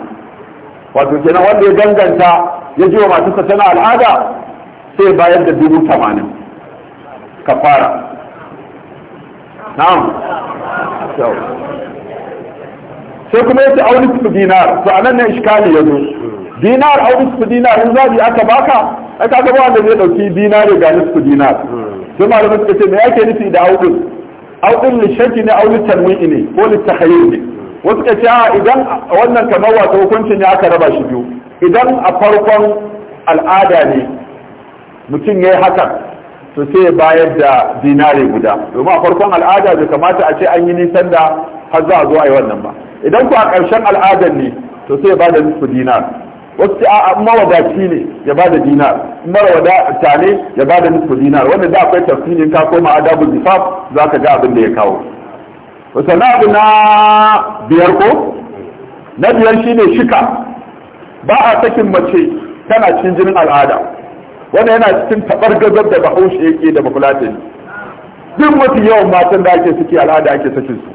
A: wato kenan wanda ya danganta ya ji wa matarsa tana al'ada sai bayar da dubu tamanin kafara na'am sai kuma yace auni su dinar to anan ne iskali ya zo dinar auni su dinar in zabi aka baka ai kaga ba wanda zai dauki dinar ga nisfu dinar sai malamin suka ce me yake nufi da audin audin ne shaki ne audin tanwi'i ne ko li takhayyur ne wasu ka ce idan wannan kamar wato hukuncin ne aka raba shi biyu idan a farkon al'ada ne mutum ya yi hakan to sai ya bayar da dinari guda domin a farkon al'ada bai kamata a ce an yi nisan da har za a zo a yi wannan ba idan ku a ƙarshen al'adar ne to sai ya bada dinar wasu a mawadaci ne ya da dinar mara ne ya da nisfu dinar wanda da akwai tafsirin ka koma adabul zifaf za ka ga abin da ya kawo na abu na biyar ko na biyar shine shika ba a sakin mace tana cikin jinin al'ada wanda yana cikin tabar gazar da bahaushe yake da bafulatani duk mafi yawan matan da ake suke al'ada ake sakin su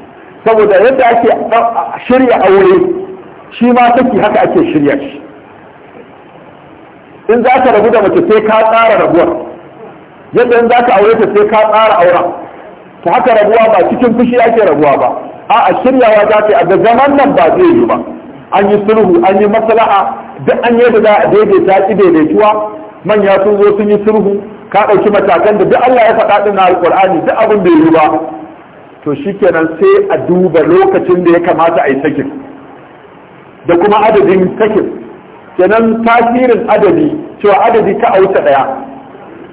A: saboda yadda ake shirya aure shi ma saki haka ake shirya shi in za ka rabu da mace sai ka tsara rabuwar yadda in za ka aure ta sai ka tsara auren ta haka rabuwa ba cikin fushi ake rabuwa ba a a shiryawa za ta a zaman nan ba zai yi ba an yi sulhu an yi masala'a duk an yi da za a daidaita ki daidaituwa manya sun zo sun yi sulhu ka ɗauki matakan da duk Allah ya faɗa ɗin alƙur'ani duk abin bai yi ba to shikenan sai a duba lokacin da ya kamata a yi sakin da kuma adadin sakin kenan tasirin adadi cewa adadi ka a wuce ɗaya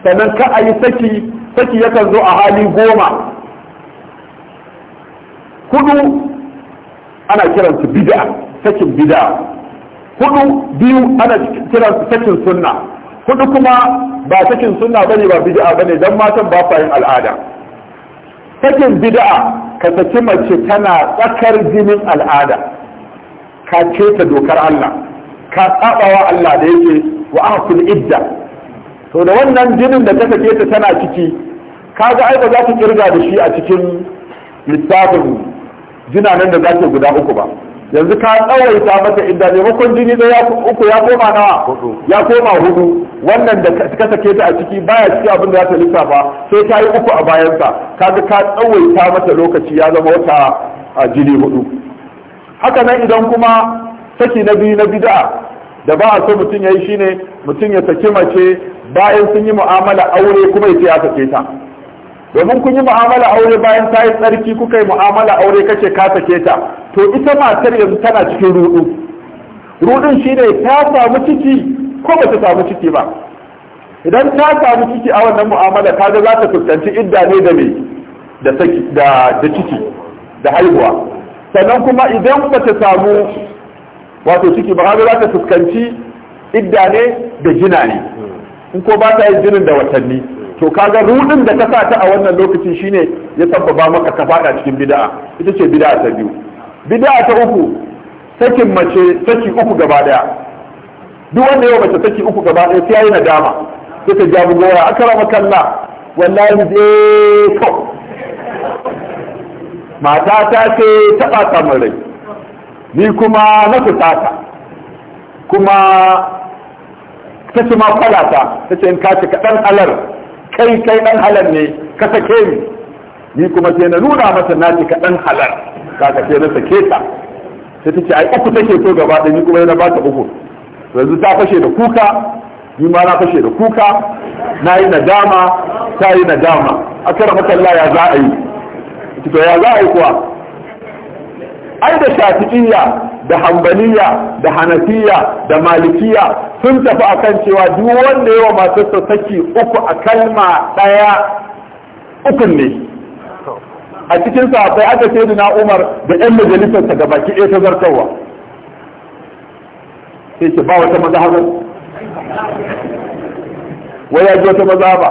A: sannan ka a yi saki saki yakan zo a hali goma hudu ana kiransu bida sakin bida hudu biyu ana su sakin sunna kudu kuma ba sakin sunna bane ba bid'a bane dan matan ba sa yin al'ada sakin bid'a ka saki mace tana tsakar jinin al'ada ka keta dokar Allah ka tsabawa Allah da yake wa ahsul idda to da wannan jinin da ta sake ta tana ciki kaga ai ba za ta kirga da shi a cikin littafin jinanan da zake guda uku ba yanzu ka tsawaita mata inda makon jini da ya uku ya koma nawa ya koma hudu wannan da ka sake ta a ciki baya ciki abin da za ta lissafa sai ta yi uku a bayan kaga ka tsawaita mata lokaci ya zama wata a jini hudu haka nan idan kuma saki na biyu na bid'a da ba a so mutum ya yi shine mutum ya saki mace bayan sun yi mu'amala aure kuma ya ce ya sake ta domin kun yi mu'amala aure bayan ta yi tsarki kuka yi mu'amala aure kace ka sake ta to ita matar yanzu tana cikin rudu rudun shine ta samu ciki ko ba ta samu ciki ba idan ta samu ciki a wannan mu'amala kaga za ta fuskanci idda ne da me da saki da da ciki da haihuwa sannan kuma idan ba ta samu wato ciki ba kaga za ta fuskanci idda ne da jina ne in ko ba ta yin jinin da watanni to kaga rudin da ka sa ta a wannan lokacin shine ya sabbaba maka ka fada cikin bid'a ita ce bid'a ta biyu bid'a ta uku sakin mace saki uku gaba daya duk wanda yau mace saki uku gaba daya sai yayi nadama sai ta jabu goya akrama kallah wallahi dai eh, kau mata ta ce ta ba rai ni kuma na fusata kuma ta ce ma kwalata ta ce in ka ci kaɗan alar kai kai dan halal ne ka sake ni ni kuma sai na nuna masa na ka dan halal kaga sai na sake ta sai tace ai uku take so gaba da ni kuma yana ba ta uku yanzu ta fashe da kuka ni ma na fashe da kuka na yi nadama ta yi nadama a kara ya za a yi to ya za a yi kuwa ai da shafi'iyya da hambaliya da hanafiya da malikiya sun tafi a kan cewa duk wanda yawa matarsa saki uku a kalma ɗaya ukun ne a cikin sahabbai aka ce na Umar da 'yan majalisarsa ga baki ɗaya ta zartarwa sai ce ba wata mazhabar wai ya ji wata ba.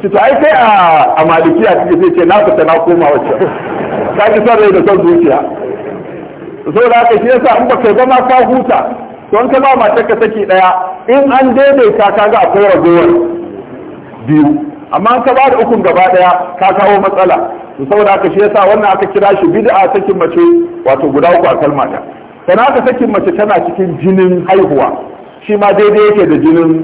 A: ce to ai kai a malikiya cikin sai ce na fita na koma wacce ka ji son da son zuciya da aka shi yasa in ba kai ba ka huta don ka ba matar ka saki daya in an daidaita ka ga akwai ragowar biyu amma ka ba da ukun gaba daya ka kawo matsala to saboda haka shi yasa wannan aka kira shi bid'a sakin mace wato guda uku a kalma ta sannan aka sakin mace tana cikin jinin haihuwa shi ma daidai yake da jinin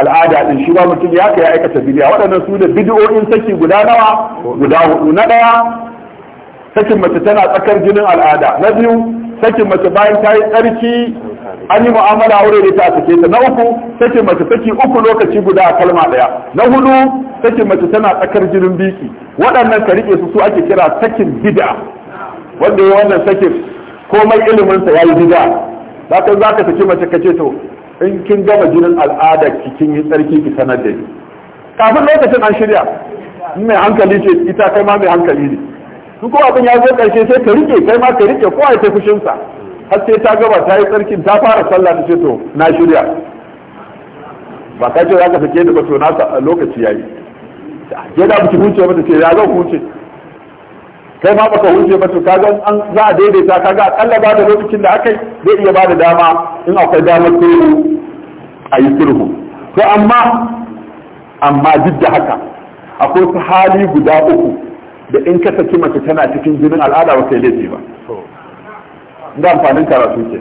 A: al'ada din shi ba mutum ya kai aikata bid'a waɗannan su da bid'o'in saki guda nawa guda hudu na daya sakin mace tana tsakar jinin al'ada na biyu sakin mace bayan ta yi tsarki an yi mu'amala aure da ta sake ta na uku take mace take uku lokaci guda a kalma daya na hudu take mace tana tsakar jinin biki waɗannan ka rike su su ake kira sakin bid'a wanda ya wannan sakin
B: komai ilimin sa yayi bid'a
A: zaka zaka saki mace kace to in kin gama jinin al'ada ki kin yi tsarki ki sanar da ni kafin lokacin an shirya mai hankali ce ita kai ma mai hankali ne su ko abin ya zo karshe sai ka rike kai ma ka rike kowa ya ta fushinsa har sai ta gaba ta yi tsarkin ta fara sallah ta ce to na shirya ba ka ce za ka sake da ba to nasa lokaci ya yi ke da baki huce ba ta ce ya zan huce kai ma baka huce ba to ka ga an za a daidaita ka ga akalla ba da lokacin da aka yi zai iya ba da dama in akwai damar sulhu a yi sulhu to amma amma duk da haka akwai su hali guda uku da in ka saki mace tana cikin jinin al'ada ba kai laifi ba ga amfanin karatu ke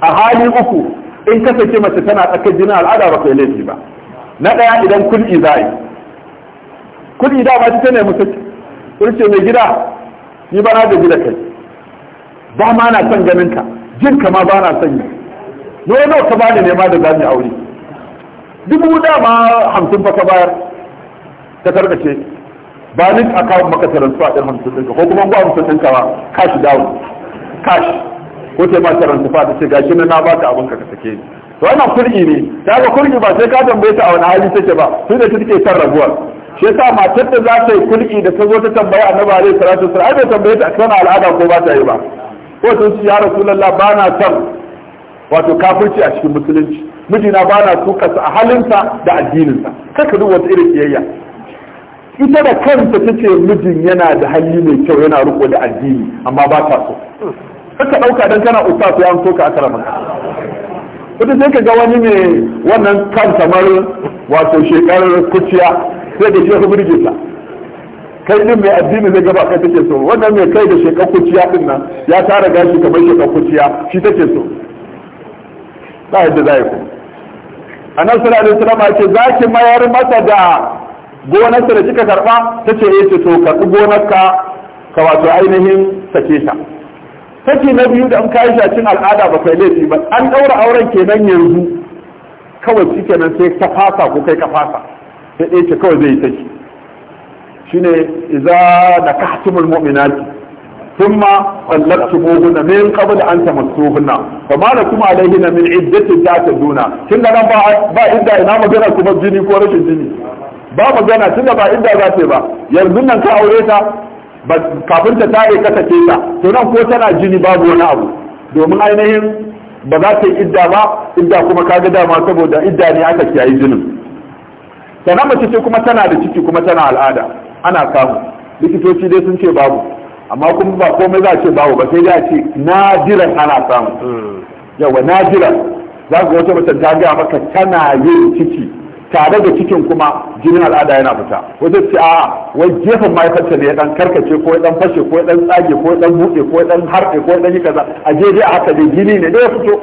A: a hali uku in ka saki mace tana tsakar jinin al'ada ba kai laifi ba na ɗaya idan kul'i za yi kul'i da ba ta ne musu kurce mai gida ni ba na gaji da kai ba ma na son ganin ka jin ka ma ba na son yi yau nawa ka bani nema da za mu aure dubu ma hamsin fa ka bayar ta karkace ba ni a kawo maka taransu a ɗin hamsin ɗinka ko kuma gwa hamsin ɗinka ba ka shi dawo cash ko ta ma transfer ta ce gashi na na baka abin ka ka sake ni to wannan kurgi ne ta ga kurgi ba sai ka tambaye ta a wani hali take ba su da take son rabuwa shi yasa matar da za ta yi kurki da ta zo ta tambaye annabi alaihi salatu wasallam ai bai tambaye ta kana al'ada ko ba ta yi ba ko sun ce ya rasulullah ba na son wato kafirci a cikin musulunci mijina ba na tuka a halinsa da addininsa kaka duk wata irin kiyayya ita da kanta tace mijin yana da hali mai kyau yana riko da addini amma ba ta so
C: ka ɗauka don kana ustaz su amso ka akara maka
A: wata sai ka ga wani ne wannan kan kamar wato shekarar kuciya sai da shi ya birge ta kai din mai addini zai gaba kai take so wannan mai kai da shekar kuciya din nan ya tara gashi kamar shekar kuciya shi take so ba yadda za yi ku annabi sallallahu alaihi wasallam ce zaki mayar masa da gonarsa da kika karba tace eh ce to karbi gonarka ka wato ainihin sake ta saki na biyu da an kayi shakin al'ada ba kai laifi ba an daura auren kenan yanzu kawai shi kenan sai ka fasa ko kai ka fasa sai dai ce kawai zai yi saki shine idza nakahtumul mu'minati thumma qallabtumuhunna min qabl an tamassuhunna fa ma lakum alayhinna min iddatin ta'tuduna kin da ba ba idda ina magana kuma jini ko rashin jini ba magana tunda ba idda za ta ba yanzu nan ka aure ta kafin ta tare ka ta to nan ko tana jini babu wani abu domin ainihin ba za ta yi idda ba idda kuma kaga dama saboda idda ne aka kiyaye jinin sannan mace ce kuma tana da ciki kuma tana al'ada ana samu likitoci dai sun ce babu amma kuma ba komai za a ce babu ba sai dai a ce nadiran ana samu hmm. yawa nadiran za ga wata mace ta gaya maka tana yin ciki tare da cikin kuma jinin al'ada yana fita wasu ce a wai gefen mahaifarta ne ya dan karkace ko ya dan fashe ko ya dan tsage ko ya dan buɗe ko ya dan harɗe ko ya dan yi kaza a je a haka dai jini ne dai fito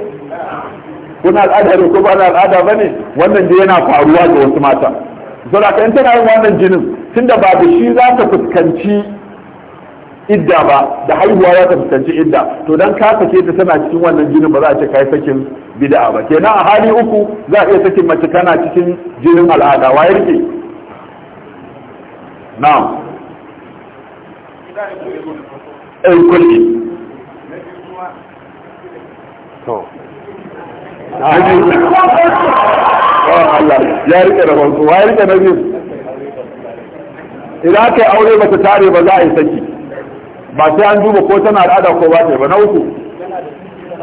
A: kuna al'ada ne ko ba na al'ada ba ne? wannan dai yana faruwa ga wasu mata saboda in tana yin wannan jinin tunda ba da shi za ta fuskanci idda ba da haihuwa za ta fuskanci idda to dan ka sake ta tana cikin wannan jinin ba za a ce kai sakin bid'a ba kenan a hali uku za a iya sakin mace kana cikin jinin al'ada wa yake na'am
C: ai eh, kulli to ya rike da wasu ya rike na biyu
A: idan aka aure mata tare ba za a yi saki ba sai an duba ko tana al'ada ko ba ta ba na uku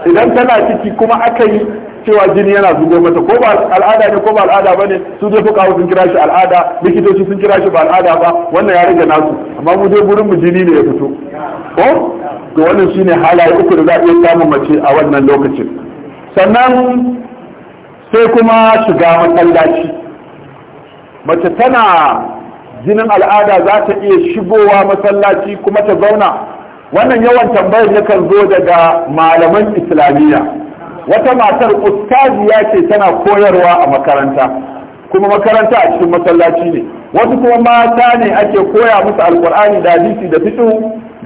A: idan tana ciki kuma aka yi cewa jini yana zubo mata ko ba al'ada ne ko ba al'ada ba ne su zai fuka sun kira shi al'ada likitoci sun kira shi ba al'ada ba wannan ya rage nasu amma mu dai gurin mu jini ne ya fito ko to wannan shine halaye uku da za a iya samun mace a wannan lokacin sannan sai kuma shiga masallaci mace tana jinin al'ada za ta iya shigowa masallaci kuma ta zauna wannan yawan tambayar yakan zo daga malaman islamiyya wata matar ustaziya ce tana koyarwa a makaranta kuma makaranta a cikin masallaci ne wasu kuma mata ne ake koya musu alkur'ani da hadisi da fiqh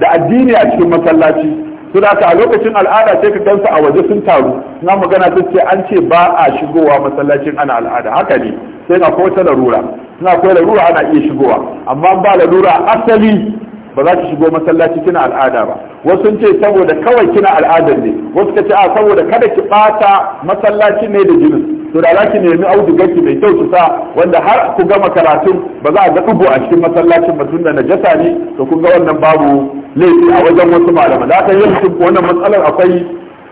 A: da addini a cikin masallaci su da a lokacin al'ada sai ka gansu a waje sun taru na magana ta ce an ce ba a shigowa masallacin ana al'ada haka ne sai na kuma ta larura suna akwai larura ana iya shigowa amma ba larura asali ba za ki shigo masallaci kina al'ada ba wasu sun ce saboda kawai kina al'adar ne wasu ka ce a saboda kada ki bata masallaci ne da jinin to da za ki nemi ki mai kyau ki sa wanda har ku gama karatun ba za a ga dubo a cikin masallacin ba tunda najasa ne to kun ga wannan babu laifi a wajen wasu malaman da aka yi wannan matsalar akwai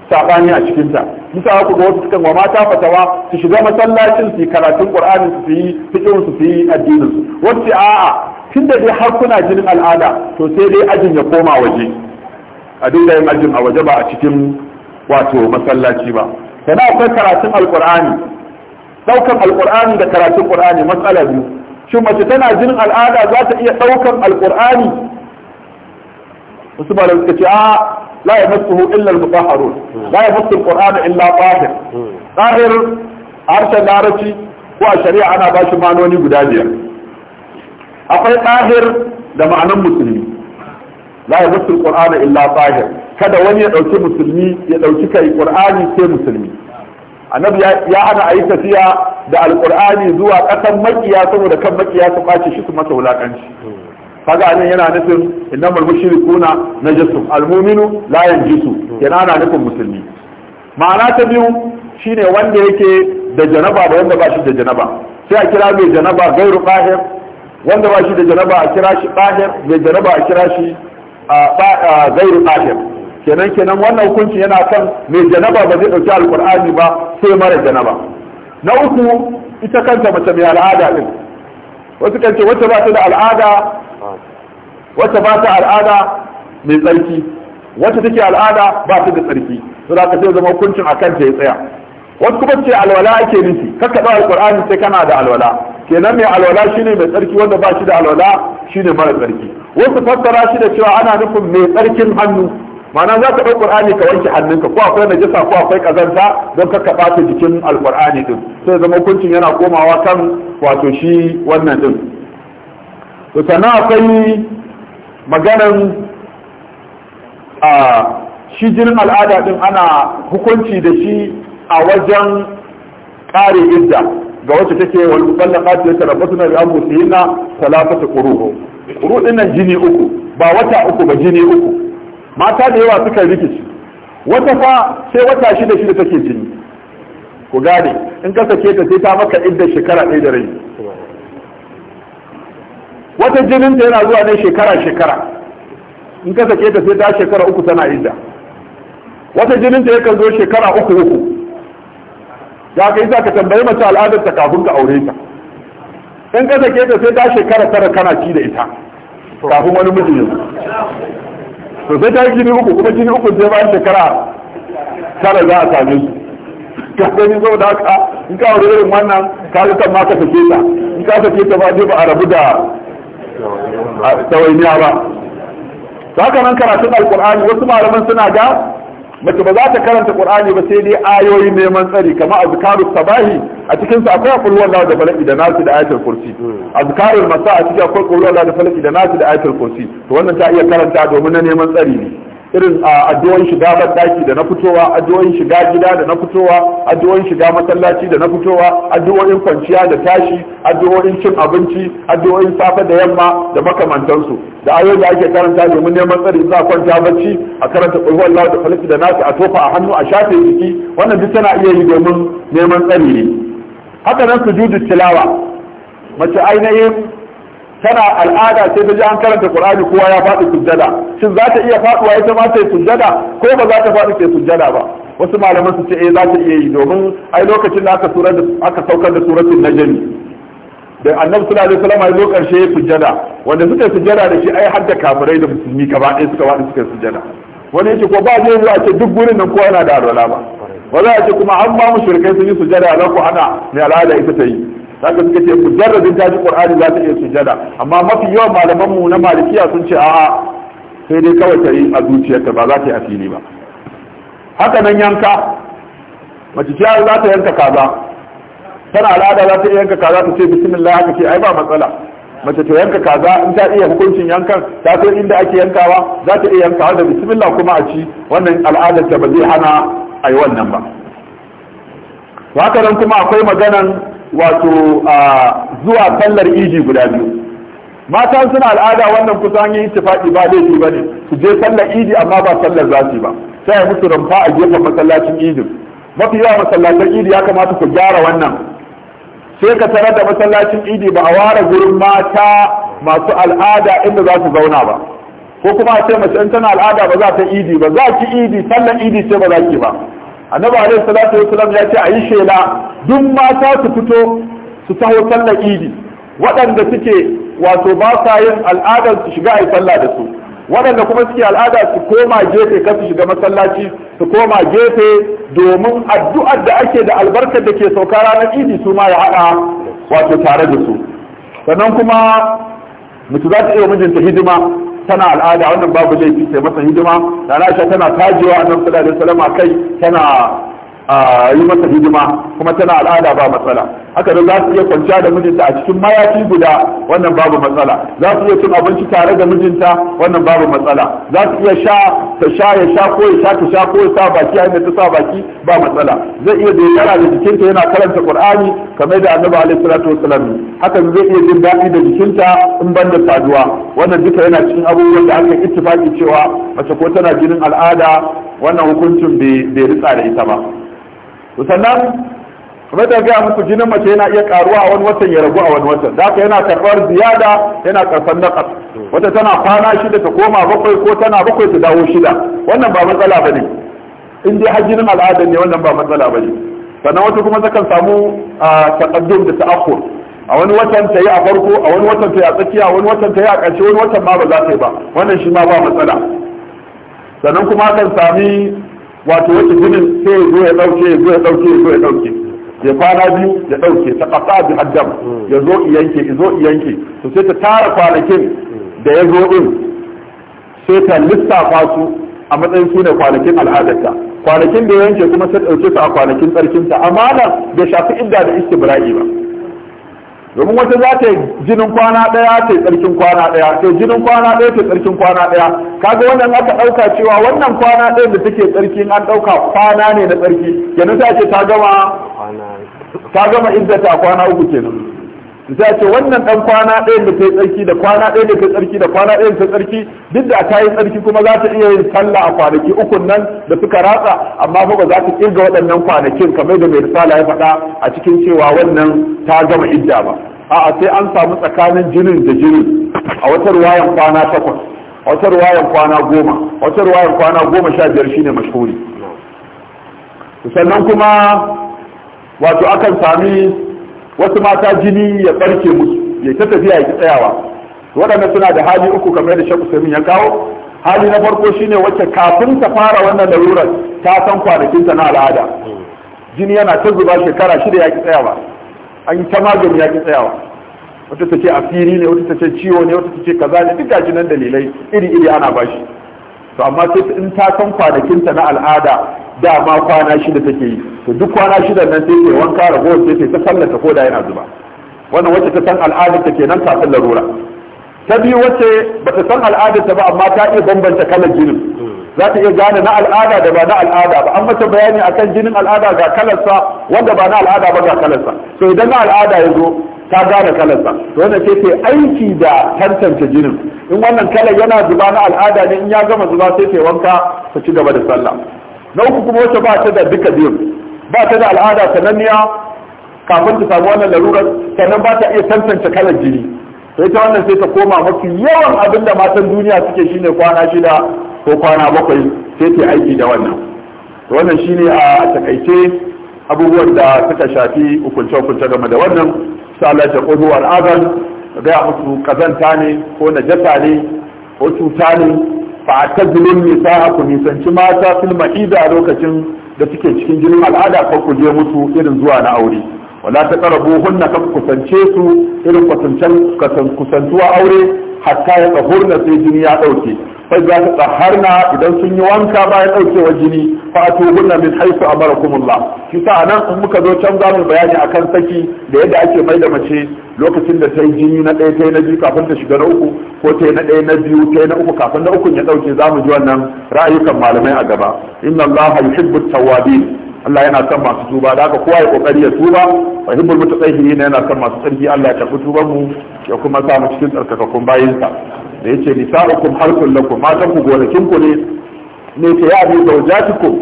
A: sabani a cikin ta musa ku ga wasu sukan wa mata fatawa su shiga masallacin su karatun qur'anin su yi fiqhin su yi addinin su wacce a'a tunda dai har kuna jinin al'ada to sai dai ajin ya koma waje a dinga yin ajin a waje ba a cikin wato masallaci ba sannan akwai karatun alqur'ani daukan alqur'ani da karatun qur'ani matsala biyu shin mace tana jinin al'ada za ta iya daukan alqur'ani wasu ba suka ce a لا يمسه إلا المطهرون لا يمس القرآن إلا طاهر طاهر harshen larabci ko a shari'a ana ba shi manoni guda biyar akwai ɗahir da ma'anan musulmi la ya illa kada wani ya ɗauki musulmi ya ɗauki kai ƙur'ani sai musulmi annabi ya a yi tafiya da alƙur'ani zuwa ƙasan makiya saboda kan makiya su ɓaci shi su masa wulaƙanci kaga anan yana nufin innamal mushrikuna najasun almu'minu la yanjisu yana ana nufin musulmi ma'ana ta biyu shine wanda yake da janaba da wanda ba shi da janaba sai a kira mai janaba gairu qahir wanda ba shi da janaba a kira shi qahir mai janaba a kira shi a gairu qahir kenan kenan wannan hukunci yana kan mai janaba ba zai dauki alqur'ani ba sai mara janaba na uku ita kanta mace mai al'ada din wasu kan ce wacce ba ta da al'ada wacce ba ta al'ada mai tsarki wacce take al'ada ba ta da tsarki to da ka sai zama hukuncin akan ta ya tsaya wasu kuma ce alwala ake nufi Kaka ɗau alƙur'ani sai kana da alwala kenan mai alwala shine mai tsarki wanda ba shi da alwala shine mara tsarki wasu fassara shi da cewa ana nufin mai tsarkin hannu ma'ana za ka ɗau ƙur'ani ka wanke hannunka ko akwai najasa ko akwai ƙazanta don ka ɓata jikin alƙur'ani din sai zama hukuncin yana komawa kan wato shi wannan din to sannan akwai maganan a shi jinin al'ada din ana hukunci da shi a wajen kare idda ga wacce take wani musallaka ce ta rabbatu na bi'an na talafata kuruhu kuru dinnan jini uku ba wata uku ba jini uku mata da yawa suka rikici wata fa sai wata shida shida take jini ku gane in ka sake ta sai ta maka idda shekara ɗaya da rai wata jinin ta yana zuwa ne shekara-shekara in ka sake ta sai ta shekara uku tana idda wata jinin ta yakan zo shekara uku uku ya ka yi za ka tambayi mace al'adar ta kafin ka aure ta in ka sake ta sai ta shekara tara kana ci da ita kafin wani miji yanzu
C: to sai ta yi jini uku
A: kuma jini uku sai bayan shekara
C: tara za a same
A: su ka gani zo da haka in ka aure irin wannan ka ga kan ma ka sake ta in ka sake ta ba ba a rabu da
C: ɗawainiya ba
A: ta haka nan karatun alƙur'ani wasu malaman suna ga mace ba za ta karanta ƙur'ani ba sai dai ayoyi neman tsari kamar azkaru sabahi a cikin sa akwai qul huwallahu da falaki da nasu da ayatul kursi azkarul masa a cikin akwai qul huwallahu da falaki da nasu da ayatul kursi to wannan ta iya karanta domin na neman tsari ne irin a addu'o'in shiga banɗaki da na fitowa addu'o'in shiga gida da na fitowa addu'o'in shiga masallaci da na fitowa addu'o'in kwanciya da tashi addu'o'in cin abinci addu'o'in safe da yamma da makamantansu da ayoyi da ake karanta domin neman tsari za a kwanta bacci a karanta qul huwallahu da falaki da nasi a tofa a hannu a shafe jiki wannan duk tana iya yi domin neman tsari haka nan sujudu tilawa mace ainihin tana al'ada sai ta ji an karanta Qur'ani kowa ya faɗi sujjada shin za ta iya faɗuwa ita ma ta sujjada ko ba za ta faɗi ta sujjada ba wasu malaman su ce eh za ta iya yi domin ai lokacin da aka surar da aka saukar da suratul najmi da annabi sallallahu alaihi wasallam ai lokacin ya sujjada wanda suka sujjada da shi ai har da kafirai da musulmi gaba ɗaya suka faɗi suka sujjada wani yake ko ba zai zuwa ce duk gurin nan kowa yana da alwala ba ba yake kuma an ba mu shirkai sun yi sujjada za ku hana mai al'ada ita ta yi ka suke ce mujarradin ta ji qur'ani za ta iya sujada amma mafi yawan malaman mu na malikiya sun ce a'a sai dai kawai ta yi a zuciyarta ba za ta yi a fili ba haka nan yanka mace ta za ta yanka kaza tana al'ada za ta iya yanka kaza ta ce bismillah haka ce ai ba matsala mace ta yanka kaza in ta iya hukuncin yankan ta san inda ake yankawa za ta iya yankawa da bismillah kuma a ci wannan al'adar ta ba zai hana ai wannan ba haka kuma akwai maganan wato zuwa sallar idi guda biyu mata suna al'ada wannan kusa an yi ittifaqi ba laifi ba ne su je sallar idi amma ba sallar zasu ba sai musu rumfa a gefen masallacin idin mafi yawa masallacin idi ya kamata ku gyara wannan sai ka tarar da masallacin idi ba a ware gurin mata masu al'ada inda za su zauna ba ko kuma a ce mace in tana al'ada ba za ta idi ba za ki idi sallar idi sai ba za ki ba annabi alaihi salatu salam ya ce a yi shela duk mata su fito su taho sallar idi waɗanda suke wato ba sa yin al'adar su shiga a yi sallah da su waɗanda kuma suke al'ada su koma gefe kar su shiga masallaci su koma gefe domin addu'ar da ake da albarkar da ke sauka ranar idi su ma ya haɗa wato tare da su sannan kuma mutu za ta iya mijinta hidima tana al'ada wannan babu laifi sai masa hidima da Aisha tana tajewa annabi sallallahu alaihi wasallam kai tana a yi masa hidima kuma tana al'ada ba matsala haka da za su iya kwanciya da mijinta a cikin mayafi guda wannan babu matsala za su iya cin abinci tare da mijinta wannan babu matsala za su iya sha ta sha ya sha ko ya sha ta sha ko ya sa baki a inda ta sa baki ba matsala zai iya da ya da jikinta yana karanta qur'ani kamar da annabi alaihi salatu wasallam hakan zai iya jin daɗi da jikinta in banda saduwa wannan duka yana cikin abubuwan da aka ittifaki cewa mace ko tana jinin al'ada wannan hukuncin bai ritsa da ita ba to sannan kamar da gaya muku jinin mace yana iya karuwa a wani watan ya ragu a wani watan da haka yana karɓar ziyada yana karɓar naƙas wata tana kwana shida ta koma bakwai ko tana bakwai ta dawo shida wannan ba matsala ba ne in dai har jinin al'ada ne wannan ba matsala ba ne sannan wata kuma zakan samu a taƙaddum da ta'akkur a wani watan ta yi a farko a wani watan ta yi a tsakiya a wani watan ta yi a ƙarshe wani watan ma ba za ta yi ba wannan shi ma ba matsala sannan kuma kan sami wato wacce jinin sai ya zo ya dauke ya zo ya dauke ya zo ya dauke ya kwana biyu ya dauke ta kasa bi haddam ya zo yanke ya zo yanke to sai ta tara kwanakin da ya zo din sai ta lissafa su a matsayin su ne kwanakin al'adarta kwanakin da ya yanke kuma sai dauke su a kwanakin tsarkinta amana bai shafi inda da istibra'i ba domin wata za ta jinin kwana ɗaya ta tsarkin kwana ɗaya to jinin kwana ɗaya ta tsarkin kwana ɗaya kaga wannan aka ɗauka cewa wannan kwana ɗaya da take tsarkin an ɗauka kwana ne na tsarki kenan sai ta gama ta gama iddata kwana uku kenan za ce wannan dan kwana ɗayan da kai tsarki da kwana ɗayan da kai tsarki da kwana ɗayan da tsarki duk da ta yi tsarki kuma za ta iya yin sallah a kwanaki ukun nan da suka ratsa amma fa ba za ta kirga waɗannan kwanakin kamar da mai risala ya faɗa a cikin cewa wannan ta gama idda ba a'a sai an samu tsakanin jinin da jinin a wata ruwayan kwana takwas a wata ruwayan kwana goma a wata ruwayan kwana goma sha biyar shine mashhuri sannan kuma wato akan sami wasu mata jini ya barke musu ya ta tafiya ya ki tsayawa waɗanda suna da hali uku kamar da shaku sami ya kawo hali na farko shine wacce kafin ta fara wannan larurar ta san kwanakin ta na al'ada jini yana ta zuba shekara shida ya ki tsayawa an yi ta magani ya ki tsayawa wata ta ce asiri ne wata ta ce ciwo ne wata ta ce kaza ne duk gaji nan dalilai iri iri ana bashi to amma sai in ta san kwanakinta na al'ada dama kwana shida take yi to duk kwana shida nan sai ta wanka ragowar sai ta sallata ko da yana zuba wannan wacce ta san al'adar ta kenan kafin larura ta biyu wacce ba ta san al'adar ta ba amma ta iya bambanta kalar jinin za ta iya gane na al'ada da ba na al'ada ba an mata bayani akan jinin al'ada ga kalarsa wanda ba na al'ada ba ga kalarsa to idan na al'ada ya zo ta gane kalarsa to wannan sai ta aiki da tantance jinin in wannan kalar yana zuba na al'ada ne in ya gama zuba sai ta wanka ta ci gaba da sallah na uku kuma wacce ba ta da duka biyun ba ta da al'ada sananniya kafin ta samu wannan larurar sannan ba ta iya tantance kalar jini to ita wannan sai ta koma mafi yawan abin da matan duniya suke shine kwana shida ko kwana bakwai sai ta aiki da wannan wannan shine a takaice abubuwan da suka shafi hukunce-hukunce game da wannan sai da ya kudu wal azal musu kazanta ne ko najasa ne ko cuta ne fa nisa nisaa ku nisanci mata fil ma'ida lokacin da suke cikin jinin al'ada ko ku je musu irin zuwa na aure wala ta taqrabuhunna ka kusance su irin kusantuwa aure hatta ya tsahurna sai jini ya ɗauke sai za ta tsaharna idan sun yi wanka bayan ɗaukewar jini fa a na min haisu a mara kumulla shi sa a nan in muka zo can zamu bayani a kan saki da yadda ake mai da mace lokacin da ta yi jini na ɗaya ta na biyu kafin ta shiga na uku ko ta na ɗaya na biyu ta na uku kafin na ukun ya ɗauke za mu ji wannan ra'ayukan malamai a gaba inna allaha yuhibbu tawwabin Allah yana son masu tuba da haka kowa ya kokari ya tuba fa hibbul mutatahhirin yana son masu tsarki Allah ya tafi tuban mu ya kuma sa mu cikin tsarkakakkun bayansa. da yace nisa'ukum harsul lakum matan ku gonakin ku ne ne ta yabi zawjatikum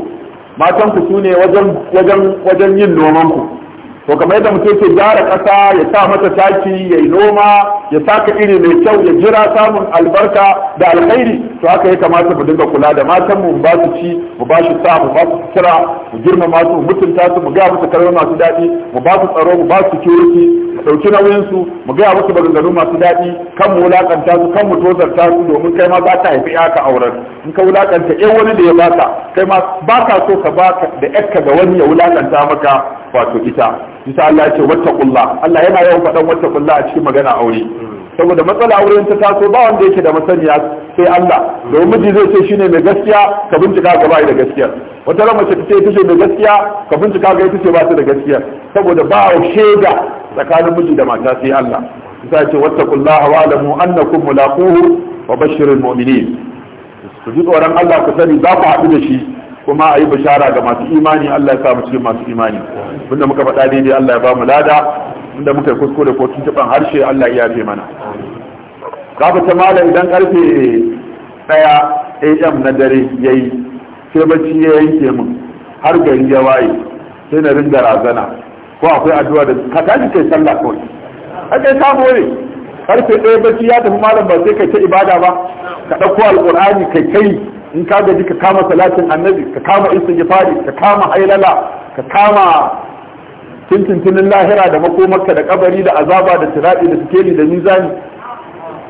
A: matan ku sune wajen wajen wajen yin noman ku to kamar yadda mutum ke gyara ƙasa ya sa mata taki ya yi noma ya saka iri mai kyau ya jira samun albarka da alkhairi to haka ya kamata mu dinga kula da matan mu ba su ci mu ba su sa mu ba su kira mu girmama masu mu mutunta su mu ga musu karamar masu daɗi mu ba su tsaro mu ba su security mu ɗauki nauyin su mu ga musu maganganu masu daɗi kan mu wulakanta su kan mu tozarta su domin kai ma za ka haifi ya ka auren in ka wulakanta eh wani da ya baka kai ma ba ka so ka baka da yakka ga wani ya wulakanta maka wato ita bisa Allah ce kulla. Allah yana yawan faɗan wattaqullah a cikin magana aure saboda matsala auren ta taso ba wanda yake da masaniya sai Allah domin miji zai ce shine mai gaskiya ka bincika ka bai da gaskiya wata ran mace ce tace mai gaskiya ka bincika ka tace ba ta da gaskiya saboda ba shaida tsakanin miji da mata sai Allah sai ce wattaqullaha wa alamu annakum mulaquhu wa bashiril mu'minin ku ji tsoron Allah ku sani za ku haɗu da shi kuma a yi bishara ga masu imani Allah ya sa mu cikin masu imani tunda muka faɗa daidai Allah ya ba mu lada inda muka yi kuskure ko tuntuɓan harshe Allah ya yafe mana kafa ta mala idan karfe ɗaya am na dare ya yi sai bacci ya yanke min har gari ya waye sai na ringa razana ko akwai addu'a da ka tashi kai sallah kawai kai samu ne karfe ɗaya bacci ya tafi malam ba sai kai ta ibada ba ka ɗauko alƙur'ani kai kai in ka gaji ka kama salatin annabi ka kama istighfari ka kama hailala ka kama tuntuntunin lahira da makomarka da kabari da azaba da tirabi da sikeli da mizani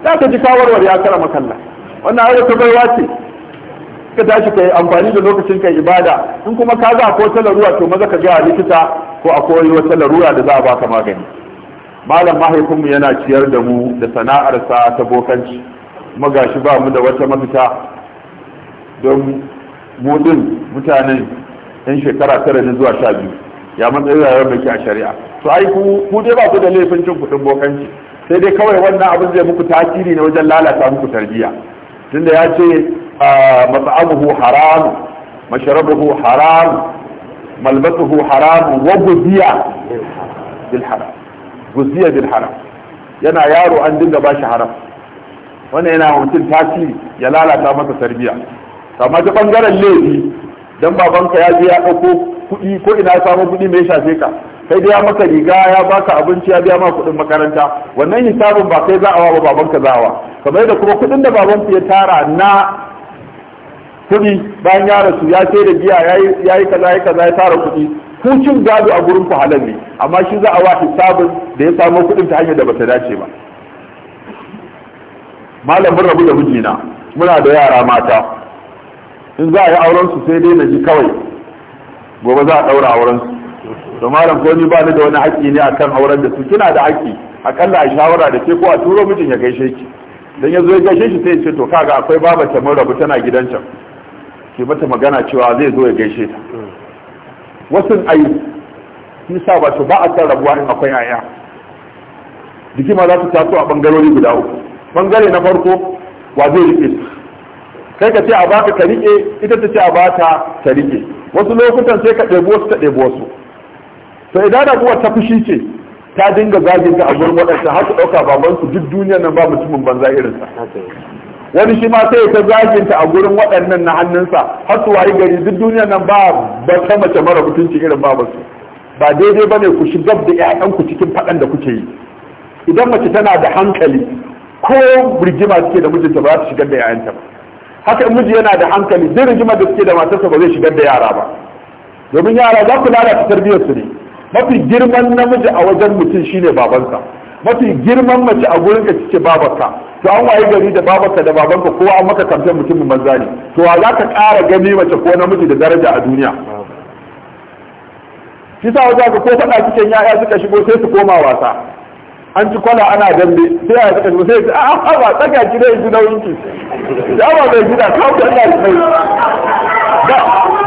A: za ka ji kawarwar ya kara makalla wannan ayar ta baiwa ce ka tashi ka yi amfani da lokacin ka ibada in kuma ka za ko ta to maza ka ga likita ko a koyi wata larura da za a baka magani malam mahaifinmu yana ciyar da mu da sana'arsa ta bokanci magashi ba mu da wata mafita don mudin mutanen yan shekara tara ne zuwa sha biyu ya matsayin rayuwar baki a shari'a to ai ku dai ba ku da laifin cin kuɗin bokanci sai dai kawai wannan abin zai muku tasiri ne wajen lalata muku tarbiyya tunda ya ce ah, mat'amuhu haram mashrabuhu haram malbasuhu haram wa guziya bil haram guziya bil haram yana yaro an dinga bashi haram wannan yana mutum tasiri ya lalata masa tarbiyya amma ta bangaren laifi don babanka ya je ya ɗauko kuɗi ko ina ya samu kuɗi mai shafe ka kai da ya maka riga ya baka abinci ya biya ma kuɗin makaranta wannan hisabin ba kai za'awa ba babanka za'awa kamar yadda kuma kuɗin da babanku ya tara na kuɗi bayan ya rasu ya sai da biya ya yi kaza ya kaza ya tara kuɗi ku cin gado a gurin ku halal ne amma shi za a wa hisabin da ya samo kuɗin ta hanyar da bata dace ba malamin rabu da mijina muna da yara mata in za a yi auren su sai dai na ji kawai gobe za a ɗaura auren su to malam ko ni ba ni da wani haƙƙi ne akan auren da su kina da haƙƙi akalla a shawara da ke ko a turo mijin ya gaishe ki dan yazo ya gaishe shi sai ya ce to kaga akwai baba ta rabu tana gidan can ki mata magana cewa zai zo ya gaishe ta wasu ayi sa ba su ba a san rabuwa in akwai yaya ma za ta taso a bangarori guda uku bangare na farko wa zai rike su kai ka ce a baka ka rike ita ta ce a bata ta rike wasu lokutan sai ka ɗebi wasu ta ɗebi wasu to idan da kuwa ta fushi ce ta dinga zagin ta a gurin waɗansa har su ɗauka baban su duk duniyar nan ba mutumin banza irinsa wani shi ma sai ta zagin ta a gurin waɗannan na hannunsa har su wayi gari duk duniyar nan ba ba ta mace mara mutunci irin su ba daidai ba ne ku shigar da 'ya'yanku cikin faɗan da kuke yi idan mace tana da hankali ko rigima suke da mijinta ba za ta shigar da 'ya'yanta ba haka miji yana da hankali zai rigima da suke da matarsa ba zai shigar da yara ba domin yara za ku lalata tarbiyyar su ne mafi girman namiji a wajen mutum shine babansa mafi girman mace a gurin ka cike babarka to an waye gari da babarka da babanka kowa an maka kamfen mutum mai ne to wa za ka ƙara gani mace ko namiji da daraja a duniya shi sa wajen ko faɗa cikin ya'ya suka shigo sai su koma wasa an ci kwala ana dambe sai a saka sai ce a ah, a ah, ba tsaka ki dai ji nauyin ki ya ba mai gida ka ku Allah
B: ki da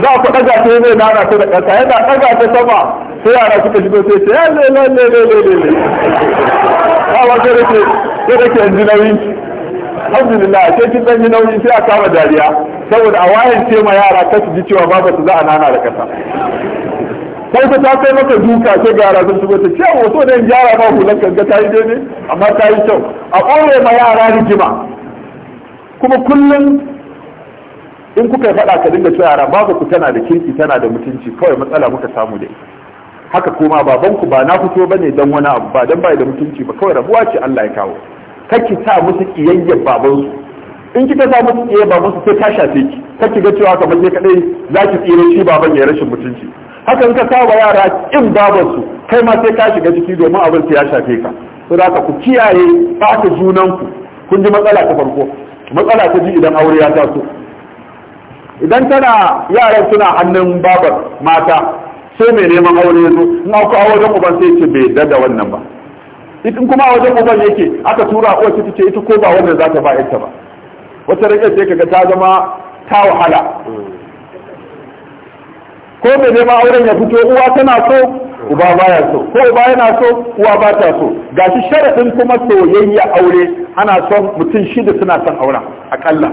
B: da
A: ku daga ta ne na na ta da kasa yana daga ta sama sai yara suka shigo sai sai ke ji nauyin ki alhamdulillah sai kin dan ji nauyin sai a kama dariya saboda a wayan ce ma yara ta ji cewa babu za a nana da kasa kai ta ta kai maka duka sai gara sun shigo ta ce wa so dan gyara ma hulan kanka ta yi daidai amma ta yi kyau a ƙore ma yara rigima kuma kullum in kuka yi faɗa ka dinga cewa yara babu ku tana da kirki tana da mutunci kawai matsala muka samu dai haka kuma baban ku ba na fito bane dan wani abu ba dan bai da mutunci ba kawai rabuwa ce Allah ya kawo kake sa musu baban babansu in kika sa musu baban babansu sai ta shafe ki kake ga cewa kamar ke kadai zaki tsira shi baban ya rashin mutunci hakan ka saba yara in babansu kai ma sai ka shiga ciki domin abin ya shafe ka to da ku kiyaye ɓata junanku kun ji matsala ta farko matsala ta ji idan aure ya taso idan tana yaran suna hannun babar mata sai mai neman aure yanzu, in aku a wajen uban sai ce bai dada wannan ba in kuma a wajen uban yake aka tura uwar ta ce ita ko ba wannan za ta ba ita ba wata rage sai kaga ta zama ta wahala ko bai nema auren ya fito uwa tana so uba baya so ko uba yana so uwa ba ta so gashi sharaɗin kuma soyayya aure ana son mutum shida suna son auren akalla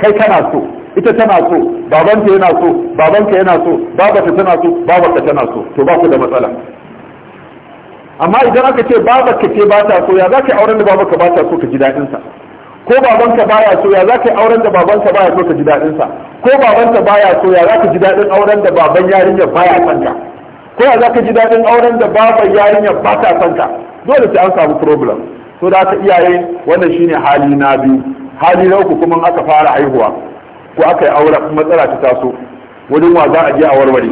A: kai kana so ita tana so babanta yana so babanka yana so babata tana so babarka tana so to ba ku da matsala amma idan aka ce babaka ce ba ta so ya za ka auren da babarka ba ta so ka ji daɗinsa ko babanka baya so ya za ka yi auren da babanka baya so ka ji daɗinsa. sa ko babanka baya so ya za ka ji daɗin auren da baban yarinyar baya son ka ko ya za ka ji daɗin auren da baban yarinyar ba ta son ka dole sai an samu problem to da aka iyaye wannan shine hali na biyu hali na uku kuma aka fara haihuwa ko aka yi aure, matsala ta taso wurin wa za a je a warware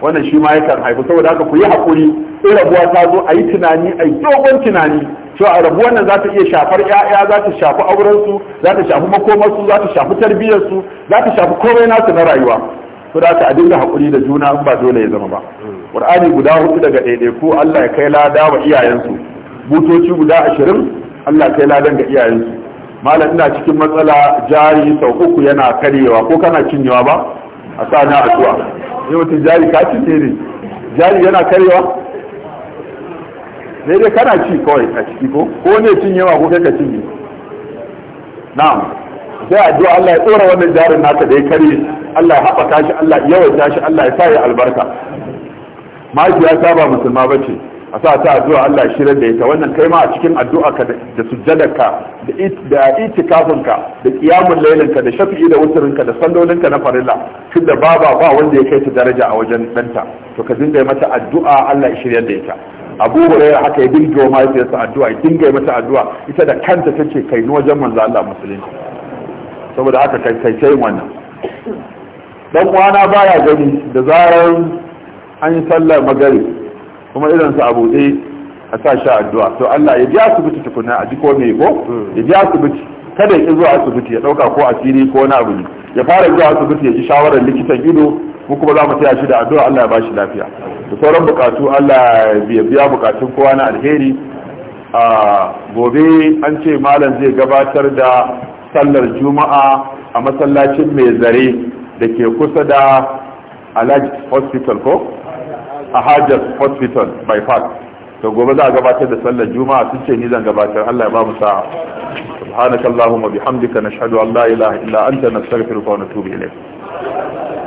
A: wannan shi ma yakan haifu saboda haka ku yi haƙuri in rabuwa ta zo a yi tunani a yi dogon tunani to a rabu wannan za ta iya shafar yaya za ta shafi aurensu za ta shafi makomarsu za ta shafi tarbiyyarsu za ta shafi komai nasu na rayuwa to da ta a dinga haƙuri da juna in ba dole ya zama ba qur'ani guda hudu daga ɗaiɗaiku Allah ya kai lada wa iyayensu butoci guda ashirin Allah ya kai ladan ga iyayensu malam ina cikin matsala jari sau uku yana karyewa ko kana cinyewa ba a sa na addu'a yau jari ka cinye ne jari yana karyewa sai dai kana ci kawai a ciki ko ko ne cin yawa ko kai ka cinye na'am sai addu'a Allah ya tsora wannan jarin naka da ya kare Allah ya haɓaka shi Allah ya yawaita shi Allah ya sa ya albarka mahaifiyata ba musulma bace a sa ta addu'a Allah ya shirar da ita wannan kai ma a cikin addu'a ka da sujjadarka da itikafin ka da kiyamun lailin ka da shafi'i da wutrin ka da sandolin ka na farilla da baba ba wanda ya kai ta daraja a wajen danta to ka dinga mata addu'a Allah ya shiryar da ita abu huraira haka ya dinga ma ya sa addu'a ya dinga yi mata addu'a ita da kanta ce kai ni wajen manzo Allah musulunci saboda haka kai kai kai wannan dan uwana baya gani da zarar an yi sallar magari kuma irin sa abu dai a sa shi addu'a to Allah ya biya su biki tukuna a ji ko me ko ya biya su biki. kada ya zuwa asibiti ya dauka ko asiri ko wani abu ne ya fara zuwa asibiti ya ji shawarar likitan ido mu kuma za mu taya shi da addu'a Allah ya ba shi lafiya da sauran bukatu Allah ya biya bukatun kowa na alheri a gobe an ce malam zai gabatar da sallar juma'a a masallacin mai zare da ke kusa da alhaji hospital ko a hajjar hospital by park to gobe za a gabatar da sallar juma'a sun ce ni zan gabatar Allah ya ba mu sa'a subhanakallahumma bihamdika nashhadu an la ilaha illa anta nastaghfiruka wa natubu ilayk